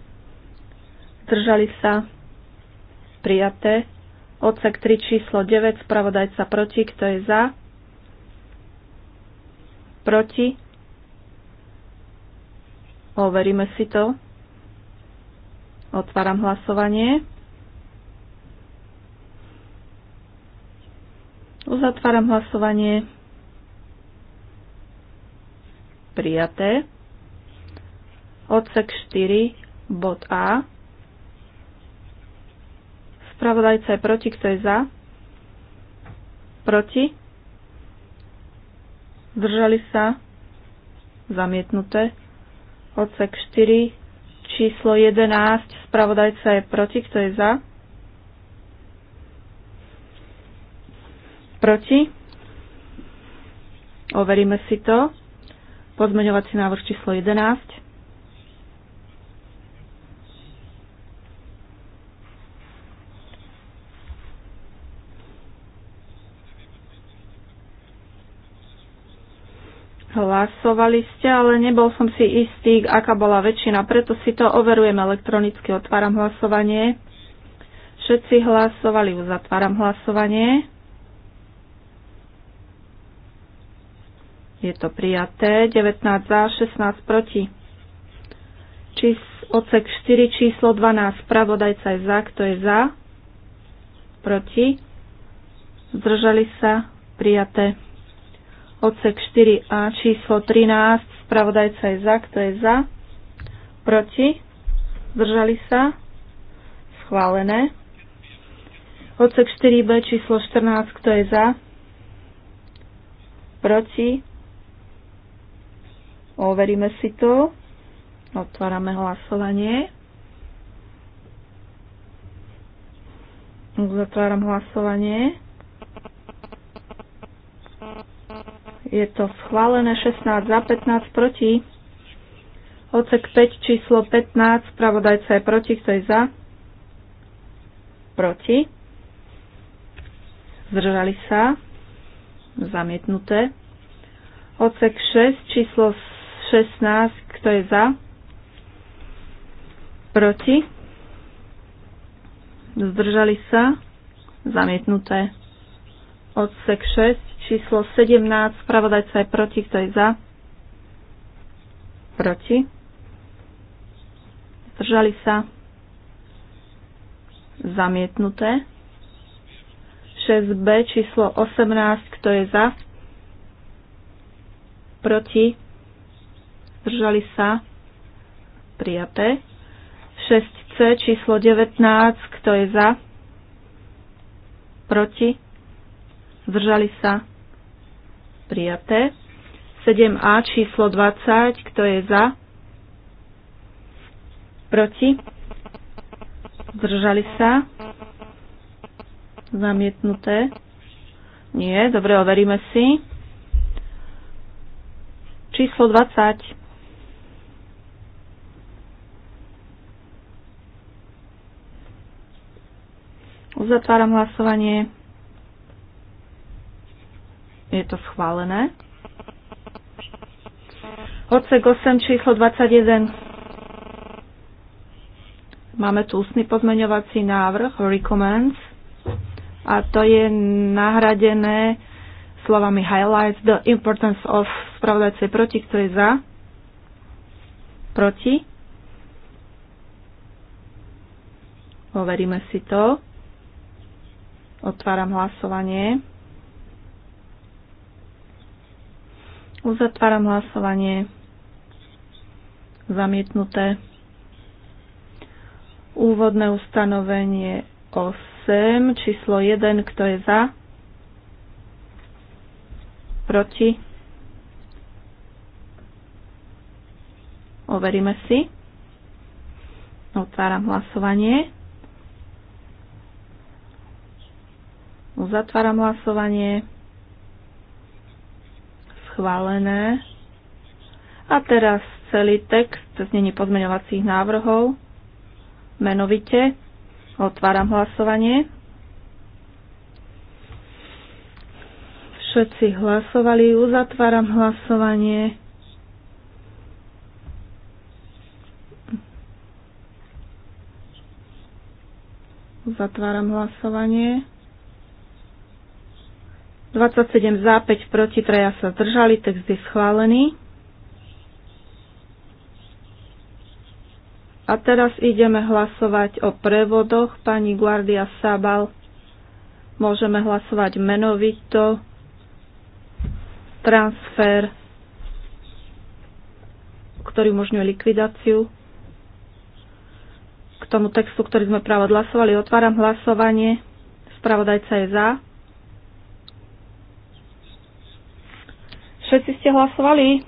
Zdržali sa prijaté Odsek 3 číslo 9, spravodajca proti, kto je za? Proti? Overíme si to. Otváram hlasovanie. Uzatváram hlasovanie. Prijaté. Odsek 4, bod A. Spravodajca je proti, kto je za? Proti? Zdržali sa? Zamietnuté. Odsek 4, číslo 11. Spravodajca je proti, kto je za? Proti? Overíme si to. Pozmeňovací návrh číslo 11. Hlasovali ste, ale nebol som si istý, aká bola väčšina, preto si to overujem elektronicky. Otváram hlasovanie. Všetci hlasovali, uzatváram hlasovanie. Je to prijaté. 19 za, 16 proti. Čís, odsek 4, číslo 12. Spravodajca je za. Kto je za? Proti. Zdržali sa. Prijaté. Odsek 4a číslo 13. Spravodajca je za. Kto je za? Proti? Zdržali sa? Schválené. Odsek 4b číslo 14. Kto je za? Proti? Overíme si to. Otvárame hlasovanie. Zatváram hlasovanie. Je to schválené 16 za 15 proti. Ocek 5 číslo 15. Spravodajca je proti. Kto je za? Proti. Zdržali sa. Zamietnuté. Ocek 6 číslo 16. Kto je za? Proti. Zdržali sa. Zamietnuté. Odsek 6 číslo 17. Spravodajca je proti. Kto je za? Proti. Zdržali sa. Zamietnuté. 6b číslo 18. Kto je za? Proti. Zdržali sa. Prijaté. 6c číslo 19. Kto je za? Proti. Zdržali sa? prijaté. 7a číslo 20, kto je za? Proti? Zdržali sa? Zamietnuté? Nie, dobre, overíme si. Číslo 20. Uzatváram hlasovanie. Je to schválené. Odsek 8 číslo 21. Máme tu ústny pozmeňovací návrh recommends a to je nahradené slovami highlights the importance of spravodajcej proti, kto je za, proti. Overíme si to. Otváram hlasovanie. Uzatváram hlasovanie. Zamietnuté. Úvodné ustanovenie 8, číslo 1, kto je za? Proti? Overíme si. Otváram hlasovanie. Uzatváram hlasovanie schválené. A teraz celý text znení pozmeňovacích návrhov. Menovite otváram hlasovanie. Všetci hlasovali, uzatváram hlasovanie. Uzatváram hlasovanie. 27 za, 5 proti, traja sa zdržali, text je schválený. A teraz ideme hlasovať o prevodoch. Pani Guardia Sabal, môžeme hlasovať menovito. Transfer, ktorý umožňuje likvidáciu. K tomu textu, ktorý sme práve hlasovali, otváram hlasovanie. Spravodajca je za. Všetci ste hlasovali?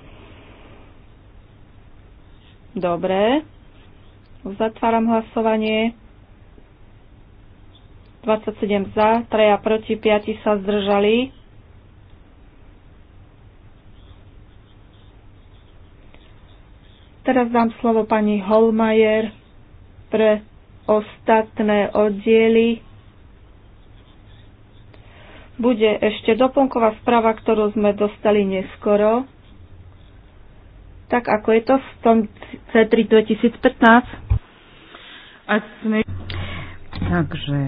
Dobre. Zatváram hlasovanie. 27 za, 3 a proti, 5 sa zdržali. Teraz dám slovo pani Holmajer pre ostatné oddiely bude ešte doplnková správa, ktorú sme dostali neskoro, tak ako je to v tom C3 2015. Takže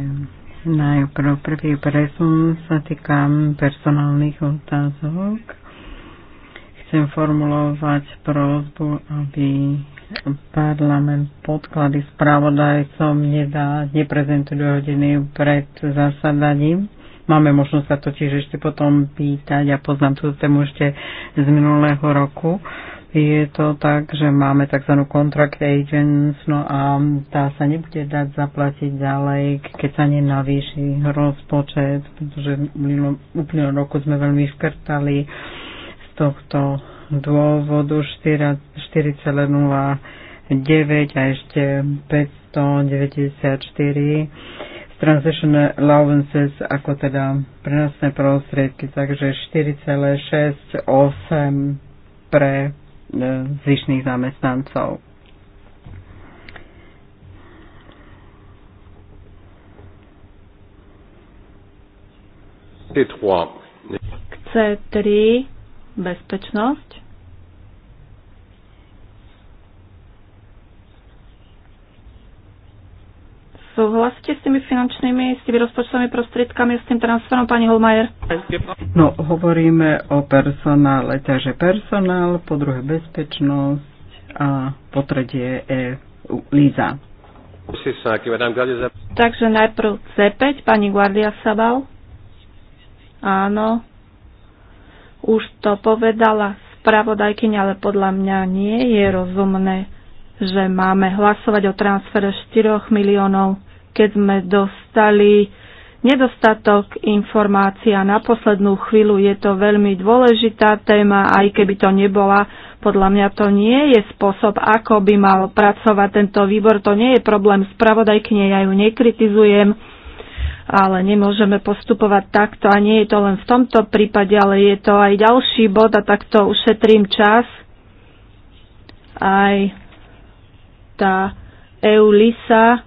najprv prvý presun sa týka personálnych otázok. Chcem formulovať prozbu, aby parlament podklady spravodajcom nedá, neprezentuje hodiny pred zasadaním Máme možnosť sa to tiež ešte potom pýtať a ja poznám tú tému ešte z minulého roku. Je to tak, že máme tzv. contract agents, no a tá sa nebude dať zaplatiť ďalej, keď sa nenavýši rozpočet, pretože v roku sme veľmi škrtali z tohto dôvodu 4,09 a ešte 594 transition allowances ako teda prenosné prostriedky, takže 4,68 pre e, zvyšných zamestnancov. C3. bezpečnosť. Súhlasíte s tými finančnými, s tými rozpočtovými prostriedkami, s tým transferom, pani Holmajer? No, hovoríme o personále, takže personál, po druhé bezpečnosť a po tretie e, Líza. Takže najprv C5, pani Guardia Sabal. Áno, už to povedala spravodajkyňa, ale podľa mňa nie je rozumné, že máme hlasovať o transfere 4 miliónov keď sme dostali nedostatok a na poslednú chvíľu. Je to veľmi dôležitá téma, aj keby to nebola. Podľa mňa to nie je spôsob, ako by mal pracovať tento výbor. To nie je problém spravodajkne, ja ju nekritizujem, ale nemôžeme postupovať takto. A nie je to len v tomto prípade, ale je to aj ďalší bod a takto ušetrím čas. Aj tá EULISA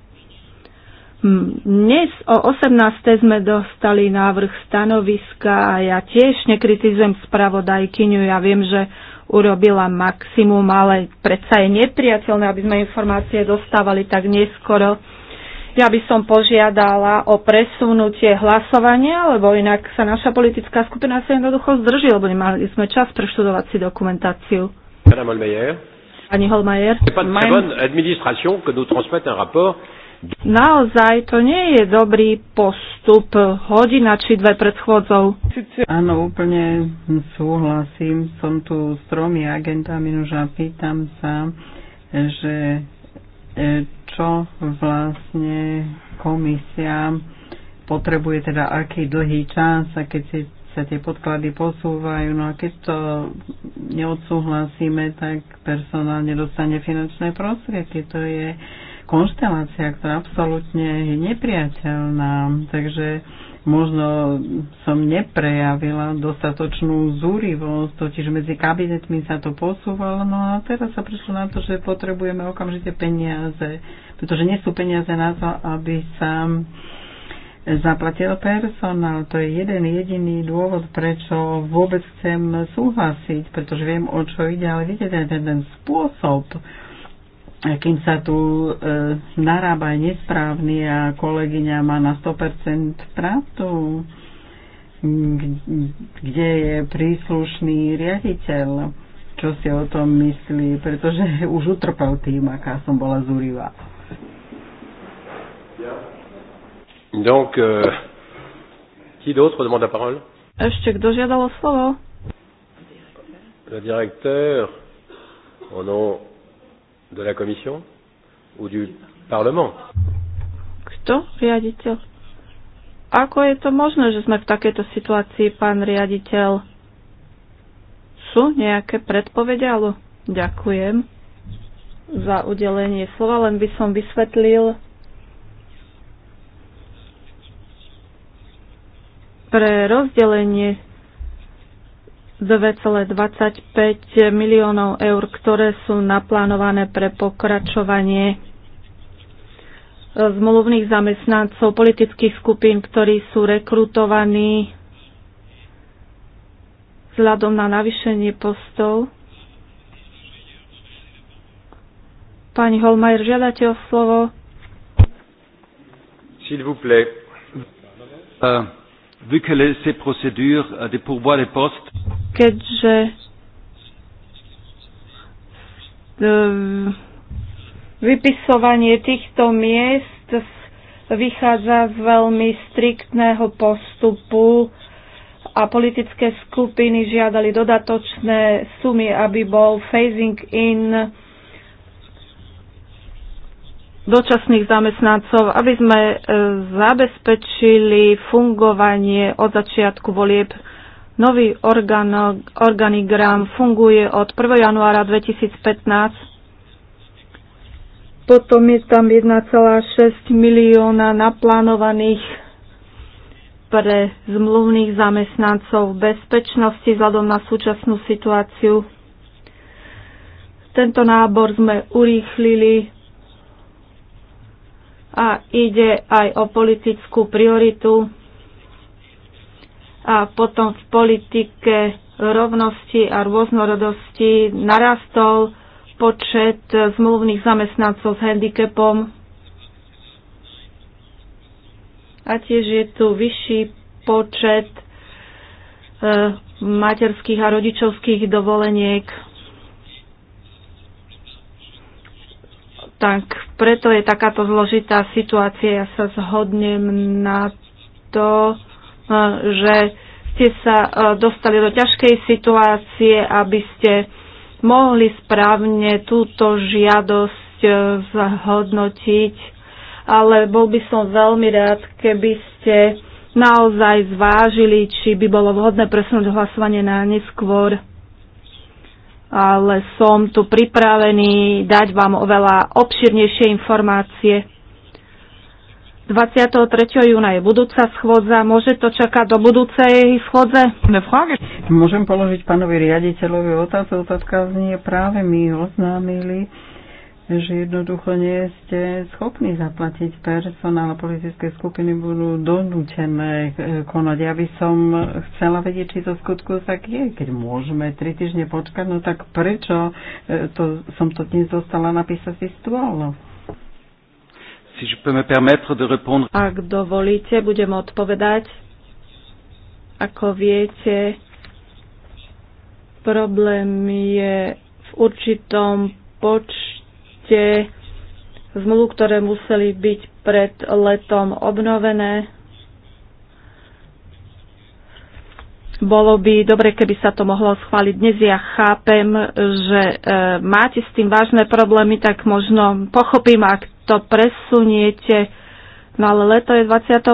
dnes o 18. sme dostali návrh stanoviska a ja tiež nekritizujem spravodajkyňu. Ja viem, že urobila maximum, ale predsa je nepriateľné, aby sme informácie dostávali tak neskoro. Ja by som požiadala o presunutie hlasovania, lebo inak sa naša politická skupina sa jednoducho zdrží, lebo nemali sme čas preštudovať si dokumentáciu. Pani Holmajer. Pani pas de très bonne administration que nous transmette un rapport Naozaj to nie je dobrý postup hodina či dve pred schôdzou. Áno, úplne súhlasím. Som tu s tromi agentami už a pýtam sa, že e, čo vlastne komisia potrebuje, teda aký dlhý čas a keď si sa tie podklady posúvajú. No a keď to neodsúhlasíme, tak personál nedostane finančné prostriedky. To je konštelácia, ktorá absolútne je nepriateľná. Takže možno som neprejavila dostatočnú zúrivosť, totiž medzi kabinetmi sa to posúvalo, no a teraz sa prišlo na to, že potrebujeme okamžite peniaze, pretože nie sú peniaze na to, aby sa zaplatil personál. To je jeden jediný dôvod, prečo vôbec chcem súhlasiť, pretože viem, o čo ide, ale vidíte ten, ten, ten spôsob, kým sa tu e, narába aj nesprávny a kolegyňa má na 100% pravdu, hm, kde je príslušný riaditeľ, čo si o tom myslí, pretože už utrpel tým, aká som bola zúrivá. Donc, euh, qui d'autre demande la parole Ešte kto žiadalo slovo? Le directeur. Oh non, De la commission Ou du parlement? Kto? Riaditeľ. Ako je to možné, že sme v takejto situácii, pán riaditeľ? Sú nejaké predpovede? Ale ďakujem za udelenie slova, len by som vysvetlil pre rozdelenie 2,25 miliónov eur, ktoré sú naplánované pre pokračovanie e, zmluvných zamestnancov politických skupín, ktorí sú rekrutovaní vzhľadom na navýšenie postov. Pani Holmajer, žiadate o slovo? S'il vous plaît. Uh, vu que les, ces procédures euh, de pourboire les postes keďže ehm, vypisovanie týchto miest vychádza z veľmi striktného postupu a politické skupiny žiadali dodatočné sumy, aby bol phasing in dočasných zamestnancov, aby sme e, zabezpečili fungovanie od začiatku volieb Nový organ, organigram funguje od 1. januára 2015. Potom je tam 1,6 milióna naplánovaných pre zmluvných zamestnancov bezpečnosti vzhľadom na súčasnú situáciu. Tento nábor sme urýchlili a ide aj o politickú prioritu a potom v politike rovnosti a rôznorodosti narastol počet zmluvných zamestnancov s handicapom a tiež je tu vyšší počet e, materských a rodičovských dovoleniek. Tak preto je takáto zložitá situácia. Ja sa zhodnem na to, že ste sa e, dostali do ťažkej situácie, aby ste mohli správne túto žiadosť e, zhodnotiť, ale bol by som veľmi rád, keby ste naozaj zvážili, či by bolo vhodné presunúť hlasovanie na neskôr ale som tu pripravený dať vám oveľa obširnejšie informácie. 23. júna je budúca schôdza. Môže to čakať do budúcej schôdze? Môžem položiť pánovi riaditeľovi otázku. Otázka znie práve my oznámili, že jednoducho nie ste schopní zaplatiť personál a politické skupiny budú donútené e, konať. Ja by som chcela vedieť, či to skutku tak je. Keď môžeme tri týždne počkať, no tak prečo e, to, som to dnes dostala napísať si stôl? si je peux me permettre de répondre. Ak dovolíte, budem odpovedať. Ako viete, problém je v určitom počte zmluv, ktoré museli byť pred letom obnovené. Bolo by dobre, keby sa to mohlo schváliť dnes. Ja chápem, že e, máte s tým vážne problémy, tak možno pochopím, ak to presuniete. No ale leto je 21.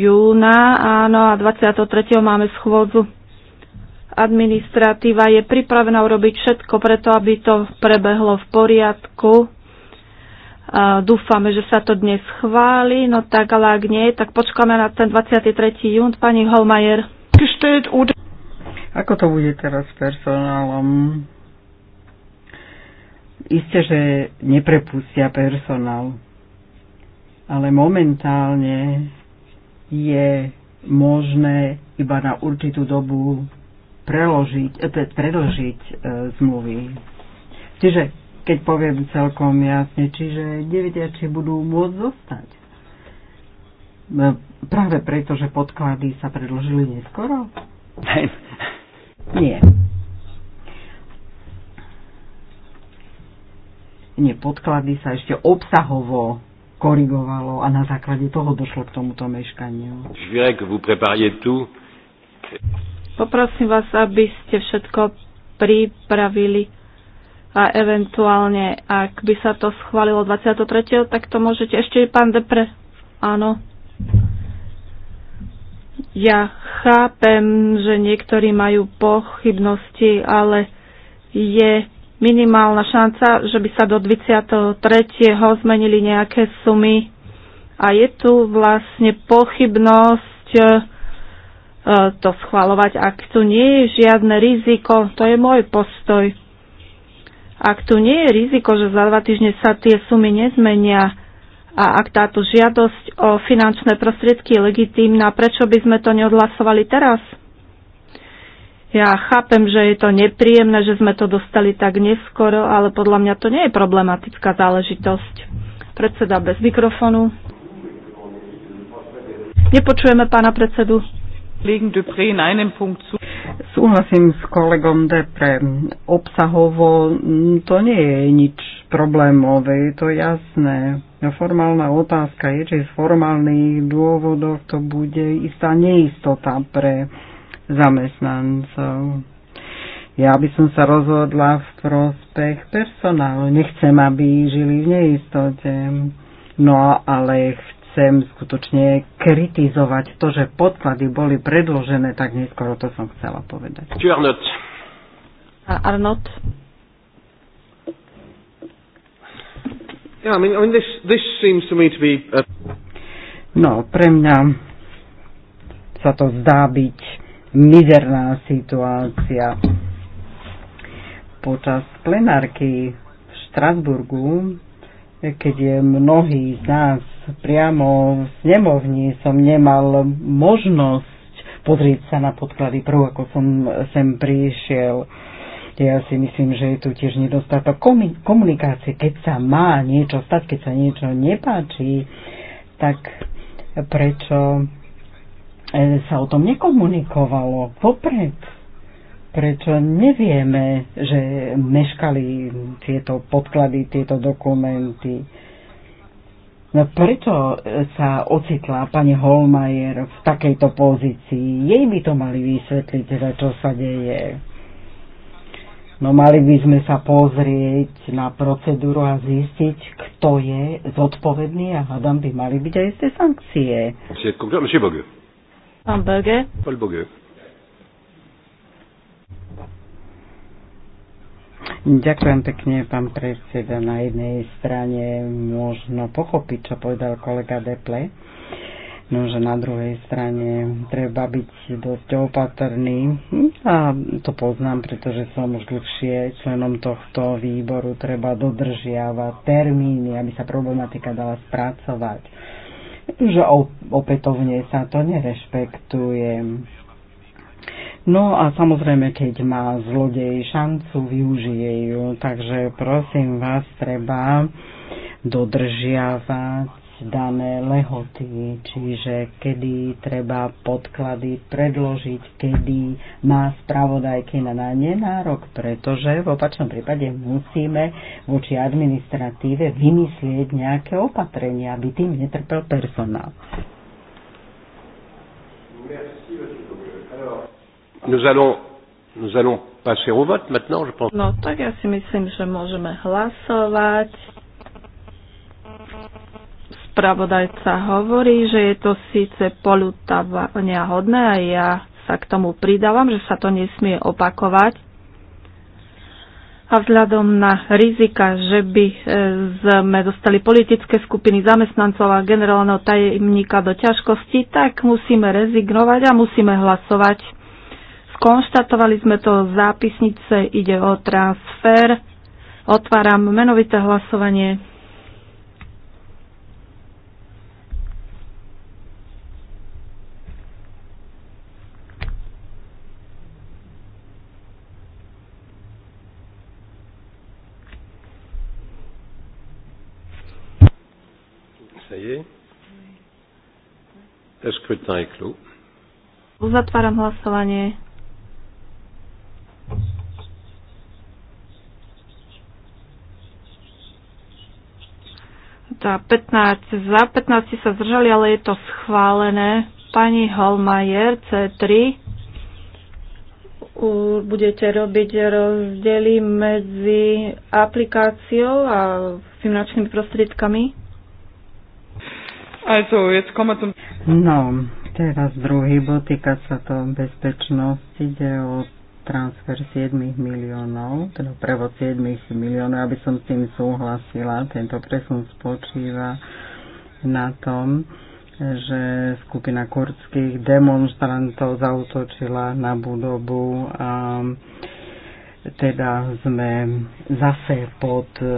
júna, áno, a 23. máme schôdzu. Administratíva je pripravená urobiť všetko preto, aby to prebehlo v poriadku. A dúfame, že sa to dnes chváli, no tak ale ak nie, tak počkáme na ten 23. jún, pani Holmajer. Ako to bude teraz s personálom? Isté, že neprepustia personál, ale momentálne je možné iba na určitú dobu preložiť, eh, predložiť e, eh, zmluvy. Čiže, keď poviem celkom jasne, čiže deviatiači budú môcť zostať. E, práve preto, že podklady sa predložili neskoro? Nie. nie podklady sa ešte obsahovo korigovalo a na základe toho došlo k tomuto meškaniu. Poprosím vás, aby ste všetko pripravili a eventuálne, ak by sa to schválilo 23., tak to môžete ešte, pán Depre. Áno. Ja chápem, že niektorí majú pochybnosti, ale je minimálna šanca, že by sa do 23. zmenili nejaké sumy. A je tu vlastne pochybnosť e, to schvalovať, ak tu nie je žiadne riziko. To je môj postoj. Ak tu nie je riziko, že za dva týždne sa tie sumy nezmenia a ak táto žiadosť o finančné prostriedky je legitímna, prečo by sme to neodhlasovali teraz? Ja chápem, že je to nepríjemné, že sme to dostali tak neskoro, ale podľa mňa to nie je problematická záležitosť. Predseda bez mikrofonu. Nepočujeme pána predsedu. Súhlasím s kolegom Depre. Obsahovo mm, to nie je nič problémové, je to jasné. Formálna otázka je, či z formálnych dôvodov to bude istá neistota pre zamestnancov. Ja by som sa rozhodla v prospech personálu. Nechcem, aby žili v neistote. No, ale chcem skutočne kritizovať to, že podklady boli predložené, tak neskoro to som chcela povedať. Arnot? Arnot? Yeah, I mean, I mean this, this seems to me to be... A... No, pre mňa sa to zdá byť mizerná situácia. Počas plenárky v Štrasburgu, keď je mnohí z nás priamo v snemovni, som nemal možnosť pozrieť sa na podklady prv, ako som sem prišiel. Ja si myslím, že je tu tiež nedostatok komunikácie. Keď sa má niečo stať, keď sa niečo nepáči, tak prečo E, sa o tom nekomunikovalo vopred. Prečo nevieme, že meškali tieto podklady, tieto dokumenty. No prečo sa ocitla pani Holmajer v takejto pozícii? Jej by to mali vysvetliť, teda čo sa deje. No mali by sme sa pozrieť na procedúru a zistiť, kto je zodpovedný a hádam by mali byť aj ste sankcie. Monsieur všetko. Pán Böge. Pán Böge. Ďakujem pekne, pán predseda. Na jednej strane možno pochopiť, čo povedal kolega Deple, no že na druhej strane treba byť dosť opatrný. A to poznám, pretože som už dlhšie členom tohto výboru. Treba dodržiavať termíny, aby sa problematika dala spracovať že opätovne sa to nerešpektuje. No a samozrejme, keď má zlodej šancu, využije ju. Takže prosím vás, treba dodržiavať dané lehoty, čiže kedy treba podklady predložiť, kedy má spravodajky na nenárok, nárok, pretože v opačnom prípade musíme voči administratíve vymyslieť nejaké opatrenia, aby tým netrpel personál. Nous allons, nous allons passer au vote maintenant, je pense. No, tak ja si myslím, že môžeme hlasovať Spravodajca hovorí, že je to síce polutávania hodné a ja sa k tomu pridávam, že sa to nesmie opakovať. A vzhľadom na rizika, že by e, sme dostali politické skupiny zamestnancov a generálneho tajemníka do ťažkosti, tak musíme rezignovať a musíme hlasovať. Skonštatovali sme to v zápisnice, ide o transfer. Otváram menovité hlasovanie. voyez. Le scrutin est clos. Uzatváram hlasovanie. Tá 15 za, 15 sa zdržali, ale je to schválené. Pani Holmajer, C3 U, budete robiť rozdiely medzi aplikáciou a finančnými prostriedkami? Also, jetzt kommen wir zum... No, teraz druhý bod, týka sa to bezpečnosti, ide o transfer 7 miliónov, teda prevod 7 miliónov, aby som s tým súhlasila. Tento presun spočíva na tom, že skupina kurdských demonstrantov zautočila na budobu a teda sme zase pod eh,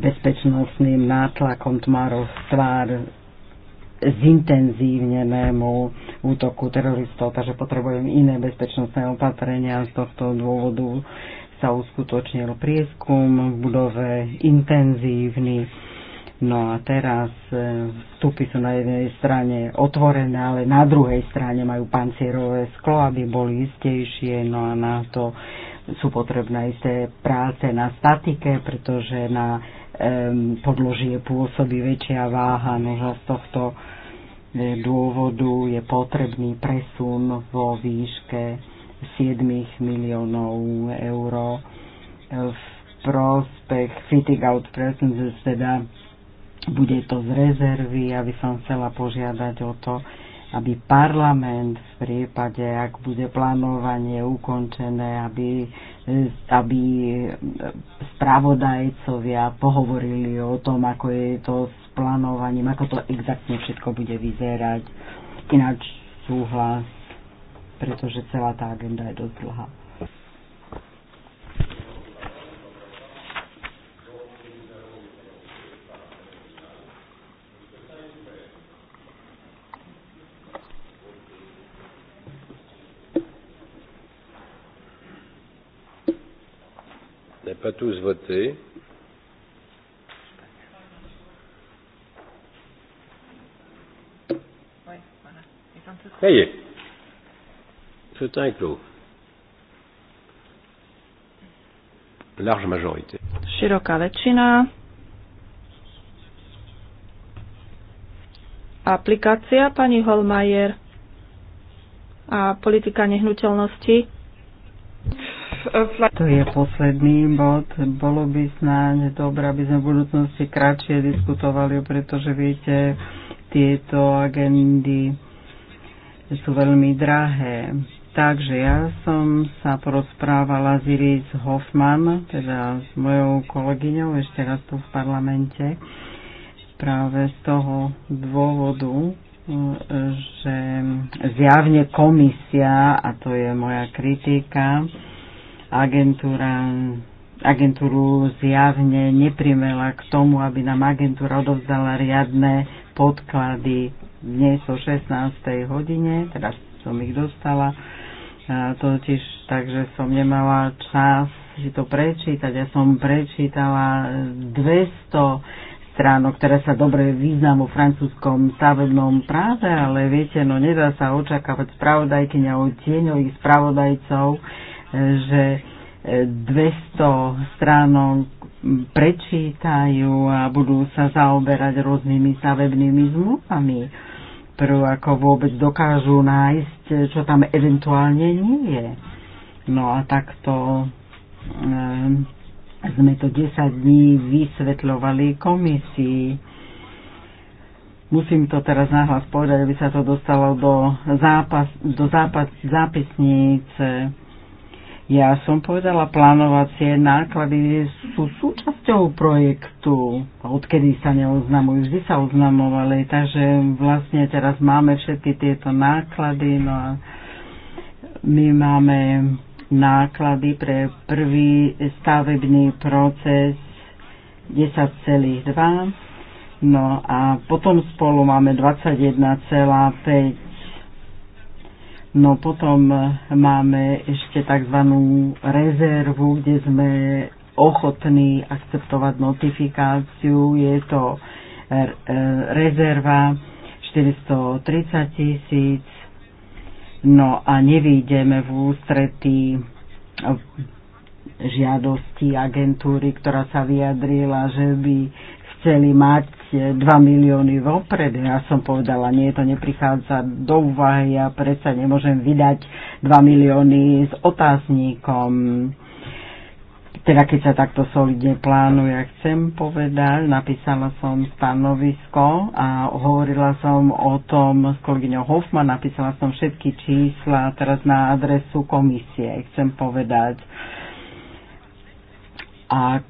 bezpečnostným nátlakom tmárov tvár zintenzívnenému útoku teroristov, takže potrebujem iné bezpečnostné opatrenia. Z tohto dôvodu sa uskutočnil prieskum v budove intenzívny. No a teraz e, vstupy sú na jednej strane otvorené, ale na druhej strane majú pancierové sklo, aby boli istejšie. No a na to sú potrebné isté práce na statike, pretože na podloží podložie pôsobí väčšia váha. No z tohto E, dôvodu je potrebný presun vo výške 7 miliónov eur e, v prospech fitting out presence, teda bude to z rezervy. aby som chcela požiadať o to, aby parlament v prípade, ak bude plánovanie ukončené, aby, aby spravodajcovia pohovorili o tom, ako je to s plánovaním, ako to exaktne všetko bude vyzerať. Ináč súhlas, pretože celá tá agenda je dosť dlhá. n'a pas tous voté. Ça y est. Scrutin est clos. Large majorité. Široka väčšina. Aplikácia pani Holmajer a politika nehnuteľnosti. To je posledný bod. Bolo by snáď dobré, aby sme v budúcnosti kratšie diskutovali, pretože viete, tieto agendy sú veľmi drahé. Takže ja som sa porozprávala s Iris Hoffman, teda s mojou kolegyňou ešte raz tu v parlamente, práve z toho dôvodu, e, že zjavne komisia, a to je moja kritika, agentúra, agentúru zjavne neprimela k tomu, aby nám agentúra odovzdala riadne podklady dnes o 16. hodine, teraz som ich dostala, totiž takže som nemala čas si to prečítať. Ja som prečítala 200 stránok, ktoré sa dobre význam o francúzskom stavebnom práve, ale viete, no nedá sa očakávať spravodajkyňa o tieňových spravodajcov, že 200 e, stránok prečítajú a budú sa zaoberať rôznymi stavebnými zmluvami, prv ako vôbec dokážu nájsť, e, čo tam eventuálne nie je. No a takto e, sme to 10 dní vysvetľovali komisii. Musím to teraz nahlas povedať, aby sa to dostalo do, zápas, do zápas, zápisnice ja som povedala, plánovacie náklady sú súčasťou projektu, odkedy sa neoznamujú, vždy sa oznamovali, takže vlastne teraz máme všetky tieto náklady, no a my máme náklady pre prvý stavebný proces 10,2, no a potom spolu máme 21,5 No potom e, máme ešte tzv. rezervu, kde sme ochotní akceptovať notifikáciu. Je to e, e, rezerva 430 tisíc. No a nevídeme v ústretí žiadosti agentúry, ktorá sa vyjadrila, že by chceli mať 2 milióny vopred. Ja som povedala, nie, to neprichádza do úvahy, ja predsa nemôžem vydať 2 milióny s otáznikom. Teda keď sa takto solidne plánuje, chcem povedať, napísala som stanovisko a hovorila som o tom s kolegyňou Hoffman, napísala som všetky čísla teraz na adresu komisie. Chcem povedať, ak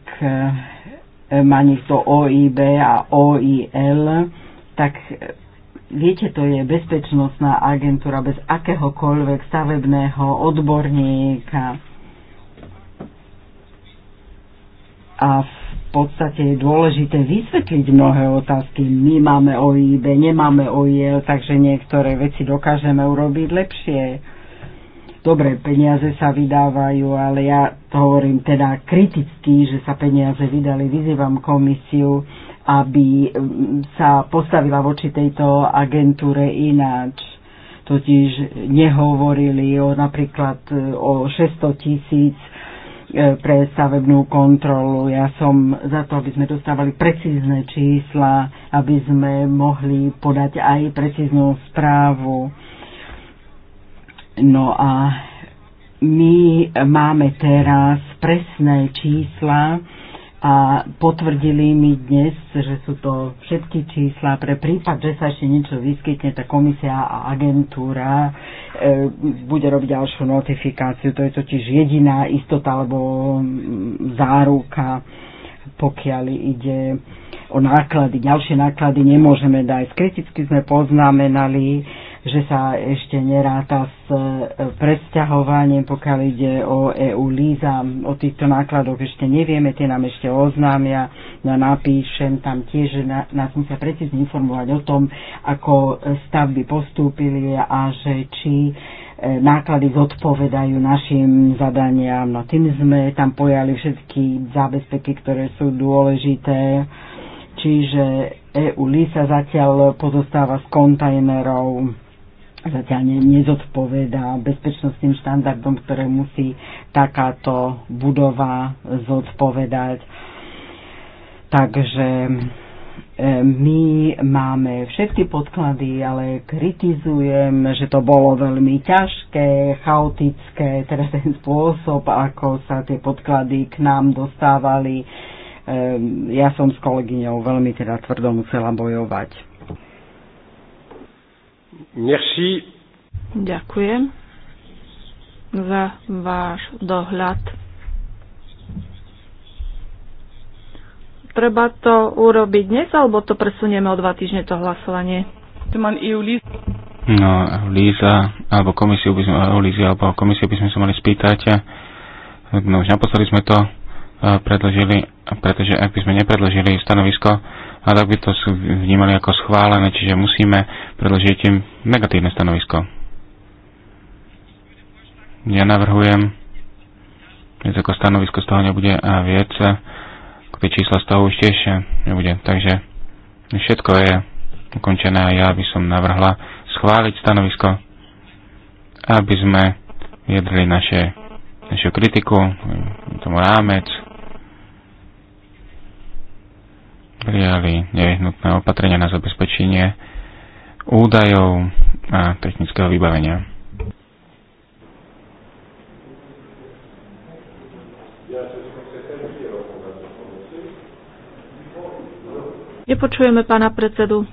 E, má niekto OIB a OIL, tak e, viete, to je bezpečnostná agentúra bez akéhokoľvek stavebného odborníka. A v podstate je dôležité vysvetliť mnohé otázky. My máme OIB, nemáme OIL, takže niektoré veci dokážeme urobiť lepšie Dobre, peniaze sa vydávajú, ale ja to hovorím teda kriticky, že sa peniaze vydali. Vyzývam komisiu, aby mm, sa postavila voči tejto agentúre ináč. Totiž nehovorili o napríklad e, o 600 tisíc e, pre stavebnú kontrolu. Ja som za to, aby sme dostávali precízne čísla, aby sme mohli podať aj precíznu správu. No a my máme teraz presné čísla a potvrdili mi dnes, že sú to všetky čísla. Pre prípad, že sa ešte niečo vyskytne, tá komisia a agentúra e, bude robiť ďalšiu notifikáciu. To je totiž jediná istota alebo mm, záruka, pokiaľ ide o náklady. Ďalšie náklady nemôžeme dať. Kriticky sme poznamenali, že sa ešte neráta s e, presťahovaním, pokiaľ ide o EU Líza. O týchto nákladoch ešte nevieme, tie nám ešte oznámia, ja no napíšem tam tiež, že nás musia precízne informovať o tom, ako stavby postúpili a že či e, náklady zodpovedajú našim zadaniam. No tým sme tam pojali všetky zábezpeky, ktoré sú dôležité. Čiže EU LISA zatiaľ pozostáva z kontajnerov zatiaľ nezodpovedá bezpečnostným štandardom, ktoré musí takáto budova zodpovedať. Takže e, my máme všetky podklady, ale kritizujem, že to bolo veľmi ťažké, chaotické, teda ten spôsob, ako sa tie podklady k nám dostávali. E, ja som s kolegyňou veľmi teda tvrdo musela bojovať. Merci. Ďakujem za váš dohľad. Treba to urobiť dnes, alebo to presunieme o dva týždne to hlasovanie? No, Líza, alebo komisiu by sme, Líza, alebo komisiu by sme sa mali spýtať. No, už naposledy sme to e, predložili, pretože ak by sme nepredložili stanovisko, ale tak by to vnímali ako schválené, čiže musíme predložiť im negatívne stanovisko. Ja navrhujem, viac ako stanovisko z toho nebude a viac, akoby čísla z toho už tiež nebude. Takže všetko je ukončené a ja by som navrhla schváliť stanovisko, aby sme viedli naše, našu kritiku, tomu rámec, prijali nevyhnutné opatrenia na zabezpečenie údajov a technického vybavenia. Nepočujeme pána predsedu.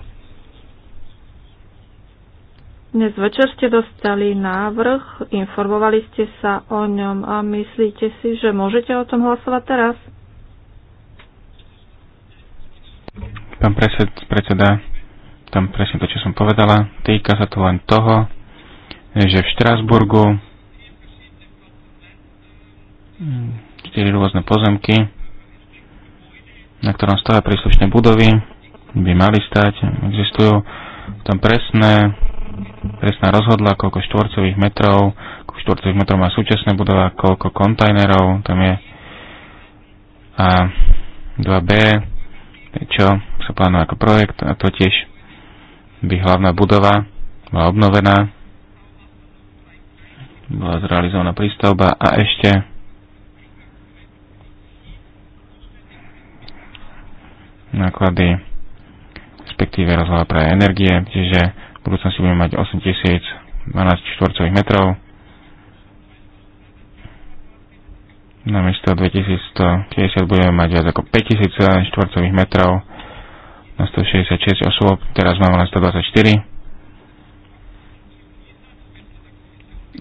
Dnes večer ste dostali návrh, informovali ste sa o ňom a myslíte si, že môžete o tom hlasovať teraz? Pán predsed, predseda, tam presne to, čo som povedala. Týka sa to len toho, že v Štrásburgu čtyri rôzne pozemky, na ktorom stále príslušné budovy, by mali stať, existujú tam presné, presná rozhodla, koľko štvorcových metrov, koľko štvorcových metrov má súčasná budova, koľko kontajnerov tam je a 2B, čo sa plánuje ako projekt a totiž by hlavná budova bola obnovená, bola zrealizovaná prístavba a ešte náklady, respektíve rozhľad pre energie, čiže v budúcnosti budeme mať 8012 štvorcových metrov namiesto 2150 budeme mať viac ako 5000 štvorcových metrov na 166 osôb, teraz máme na 124.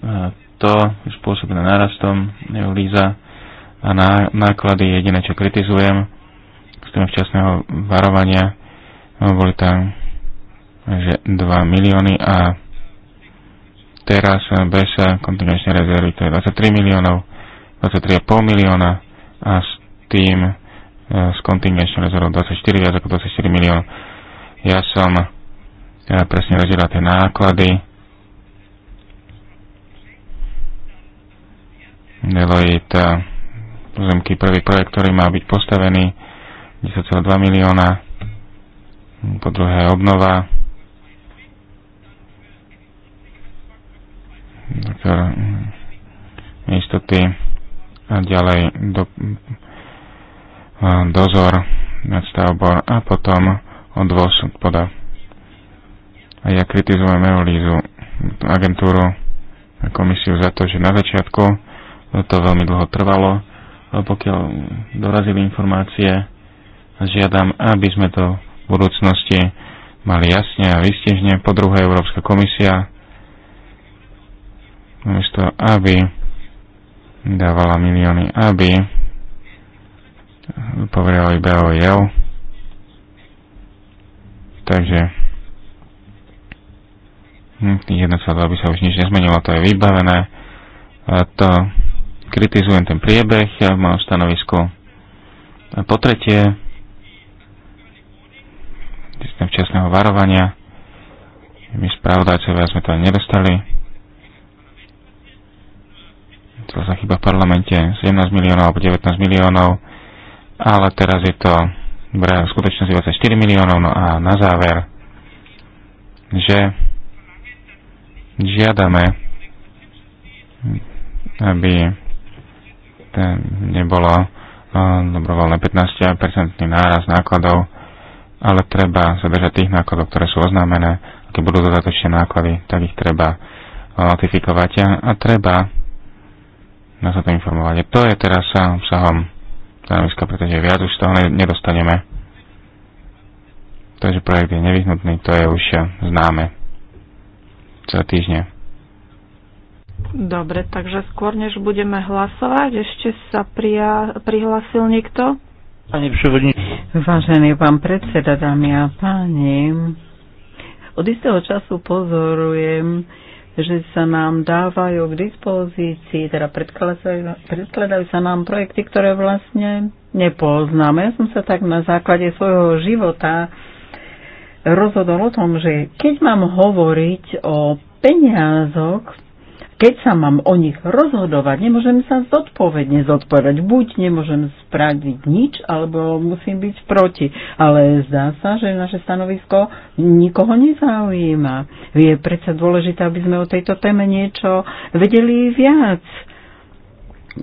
A to je spôsobené narastom neurolíza a ná, náklady jediné, čo kritizujem, z toho včasného varovania, no, boli tam že 2 milióny a teraz bez kontinuačnej rezervy to je 23 miliónov, 23,5 milióna a s tým E, z kontingenčného rezervu 24, viac ako 24 miliónov. Ja som ja presne rozdielal tie náklady. Deloitte pozemky prvý projekt, ktorý má byť postavený 10,2 milióna. Po druhé obnova. Doktor mm, istoty a ďalej do dozor nad stavbou a potom odvoz odpada. A ja kritizujem Eurolízu, agentúru, komisiu za to, že na začiatku to veľmi dlho trvalo, pokiaľ dorazili informácie, žiadam, aby sme to v budúcnosti mali jasne a výstižne. Po druhé, Európska komisia, namiesto aby dávala milióny, aby povedal iba o jav. Takže tých 1,2 by sa už nič nezmenilo, to je vybavené. A to kritizujem ten priebeh ja v mojom stanovisku. A po tretie, systém včasného varovania. My spravodajcovia sme to nedostali. To sa chyba v parlamente 17 miliónov alebo 19 miliónov ale teraz je to v skutočnosti 24 miliónov. No a na záver, že žiadame, aby nebolo e, dobrovoľné 15-percentný náraz nákladov, ale treba sa držať tých nákladov, ktoré sú oznámené, aké budú dodatočné náklady, tak ich treba e, notifikovať a, treba nás o to informovať. To je teraz obsahom stanoviska, pretože viac už z toho nedostaneme. Takže projekt je nevyhnutný, to je už známe. Celé týždne. Dobre, takže skôr než budeme hlasovať, ešte sa prija- prihlásil niekto? Pani Pšovodní. Vážený pán predseda, dámy a páni, od istého času pozorujem, že sa nám dávajú k dispozícii, teda predkladajú, predkladajú sa nám projekty, ktoré vlastne nepoznáme. Ja som sa tak na základe svojho života rozhodol o tom, že keď mám hovoriť o peniazoch, keď sa mám o nich rozhodovať, nemôžem sa zodpovedne zodpovedať. Buď nemôžem spraviť nič, alebo musím byť proti. Ale zdá sa, že naše stanovisko nikoho nezaujíma. Je predsa dôležité, aby sme o tejto téme niečo vedeli viac.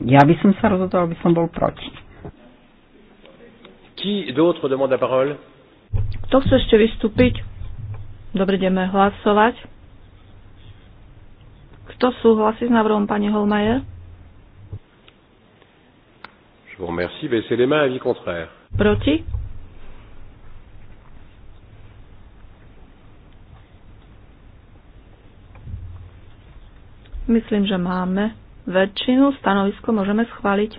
Ja by som sa rozhodol, aby som bol proti. Qui d'autre demande la parole? Kto chce ešte vystúpiť? Dobre, ideme hlasovať. Kto súhlasí s návrhom pani Holmajer? Je vous remercie. Baissez les mains. Avis contraire. Proti? Myslím, že máme väčšinu. Stanovisko môžeme schváliť.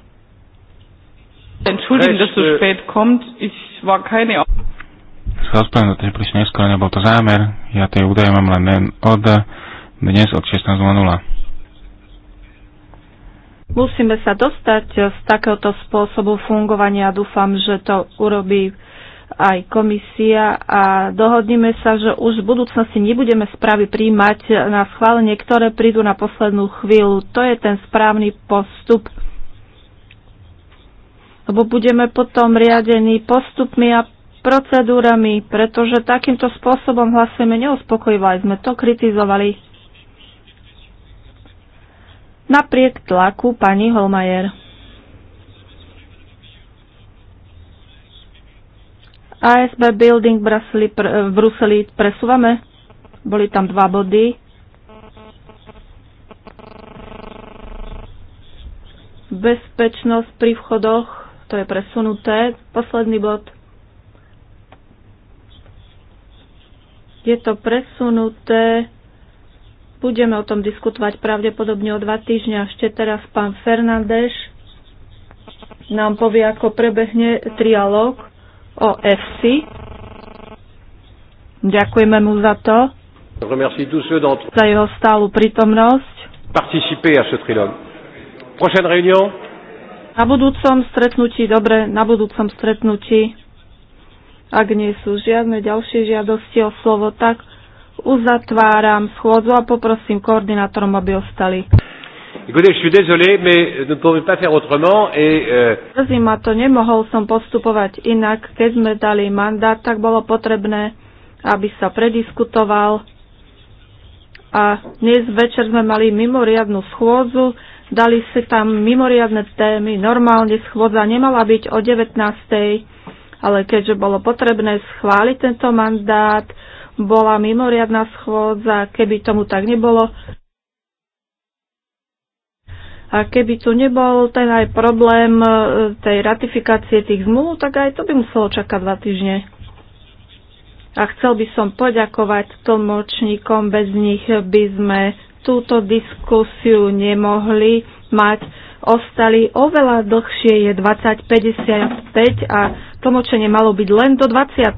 Entschuldigen, dass du spät kommt. Ich war keine... Sa ospravedlňujem, že prišli neskôr, nebol to zámer. Ja tie údaje mám len od dnes od 16.00. Musíme sa dostať z takéhoto spôsobu fungovania. Dúfam, že to urobí aj komisia a dohodneme sa, že už v budúcnosti nebudeme správy príjmať na schválenie, ktoré prídu na poslednú chvíľu. To je ten správny postup lebo budeme potom riadení postupmi a procedúrami, pretože takýmto spôsobom hlasujeme neuspokojivá. Sme to kritizovali napriek tlaku pani Holmajer. ASB Building Bruseli, pr, v Bruseli presúvame. Boli tam dva body. Bezpečnosť pri vchodoch, to je presunuté. Posledný bod. Je to presunuté Budeme o tom diskutovať pravdepodobne o dva týždňa. Ešte teraz pán Fernández nám povie, ako prebehne trialóg o FC. Ďakujeme mu za to, za jeho stálu prítomnosť. Participer à ce trilogue. Prochaine réunion. Na budúcom stretnutí, dobre, na budúcom stretnutí, ak nie sú žiadne ďalšie žiadosti o slovo, tak Uzatváram schôdzu a poprosím koordinátorom, aby ostali. Écoutez, je suis désolé, mais ne pouvons pas faire autrement et... Euh... ma to, nemohol som postupovať inak. Keď sme dali mandát, tak bolo potrebné, aby sa prediskutoval. A dnes večer sme mali mimoriadnu schôdzu, dali si tam mimoriadne témy. Normálne schôdza nemala byť o 19. Ale keďže bolo potrebné schváliť tento mandát, bola mimoriadná schôdza, keby tomu tak nebolo. A keby tu nebol ten aj problém e, tej ratifikácie tých zmluv, tak aj to by muselo čakať dva týždne. A chcel by som poďakovať tlmočníkom, bez nich by sme túto diskusiu nemohli mať. Ostali oveľa dlhšie, je 20.55 a tlmočenie malo byť len do 20.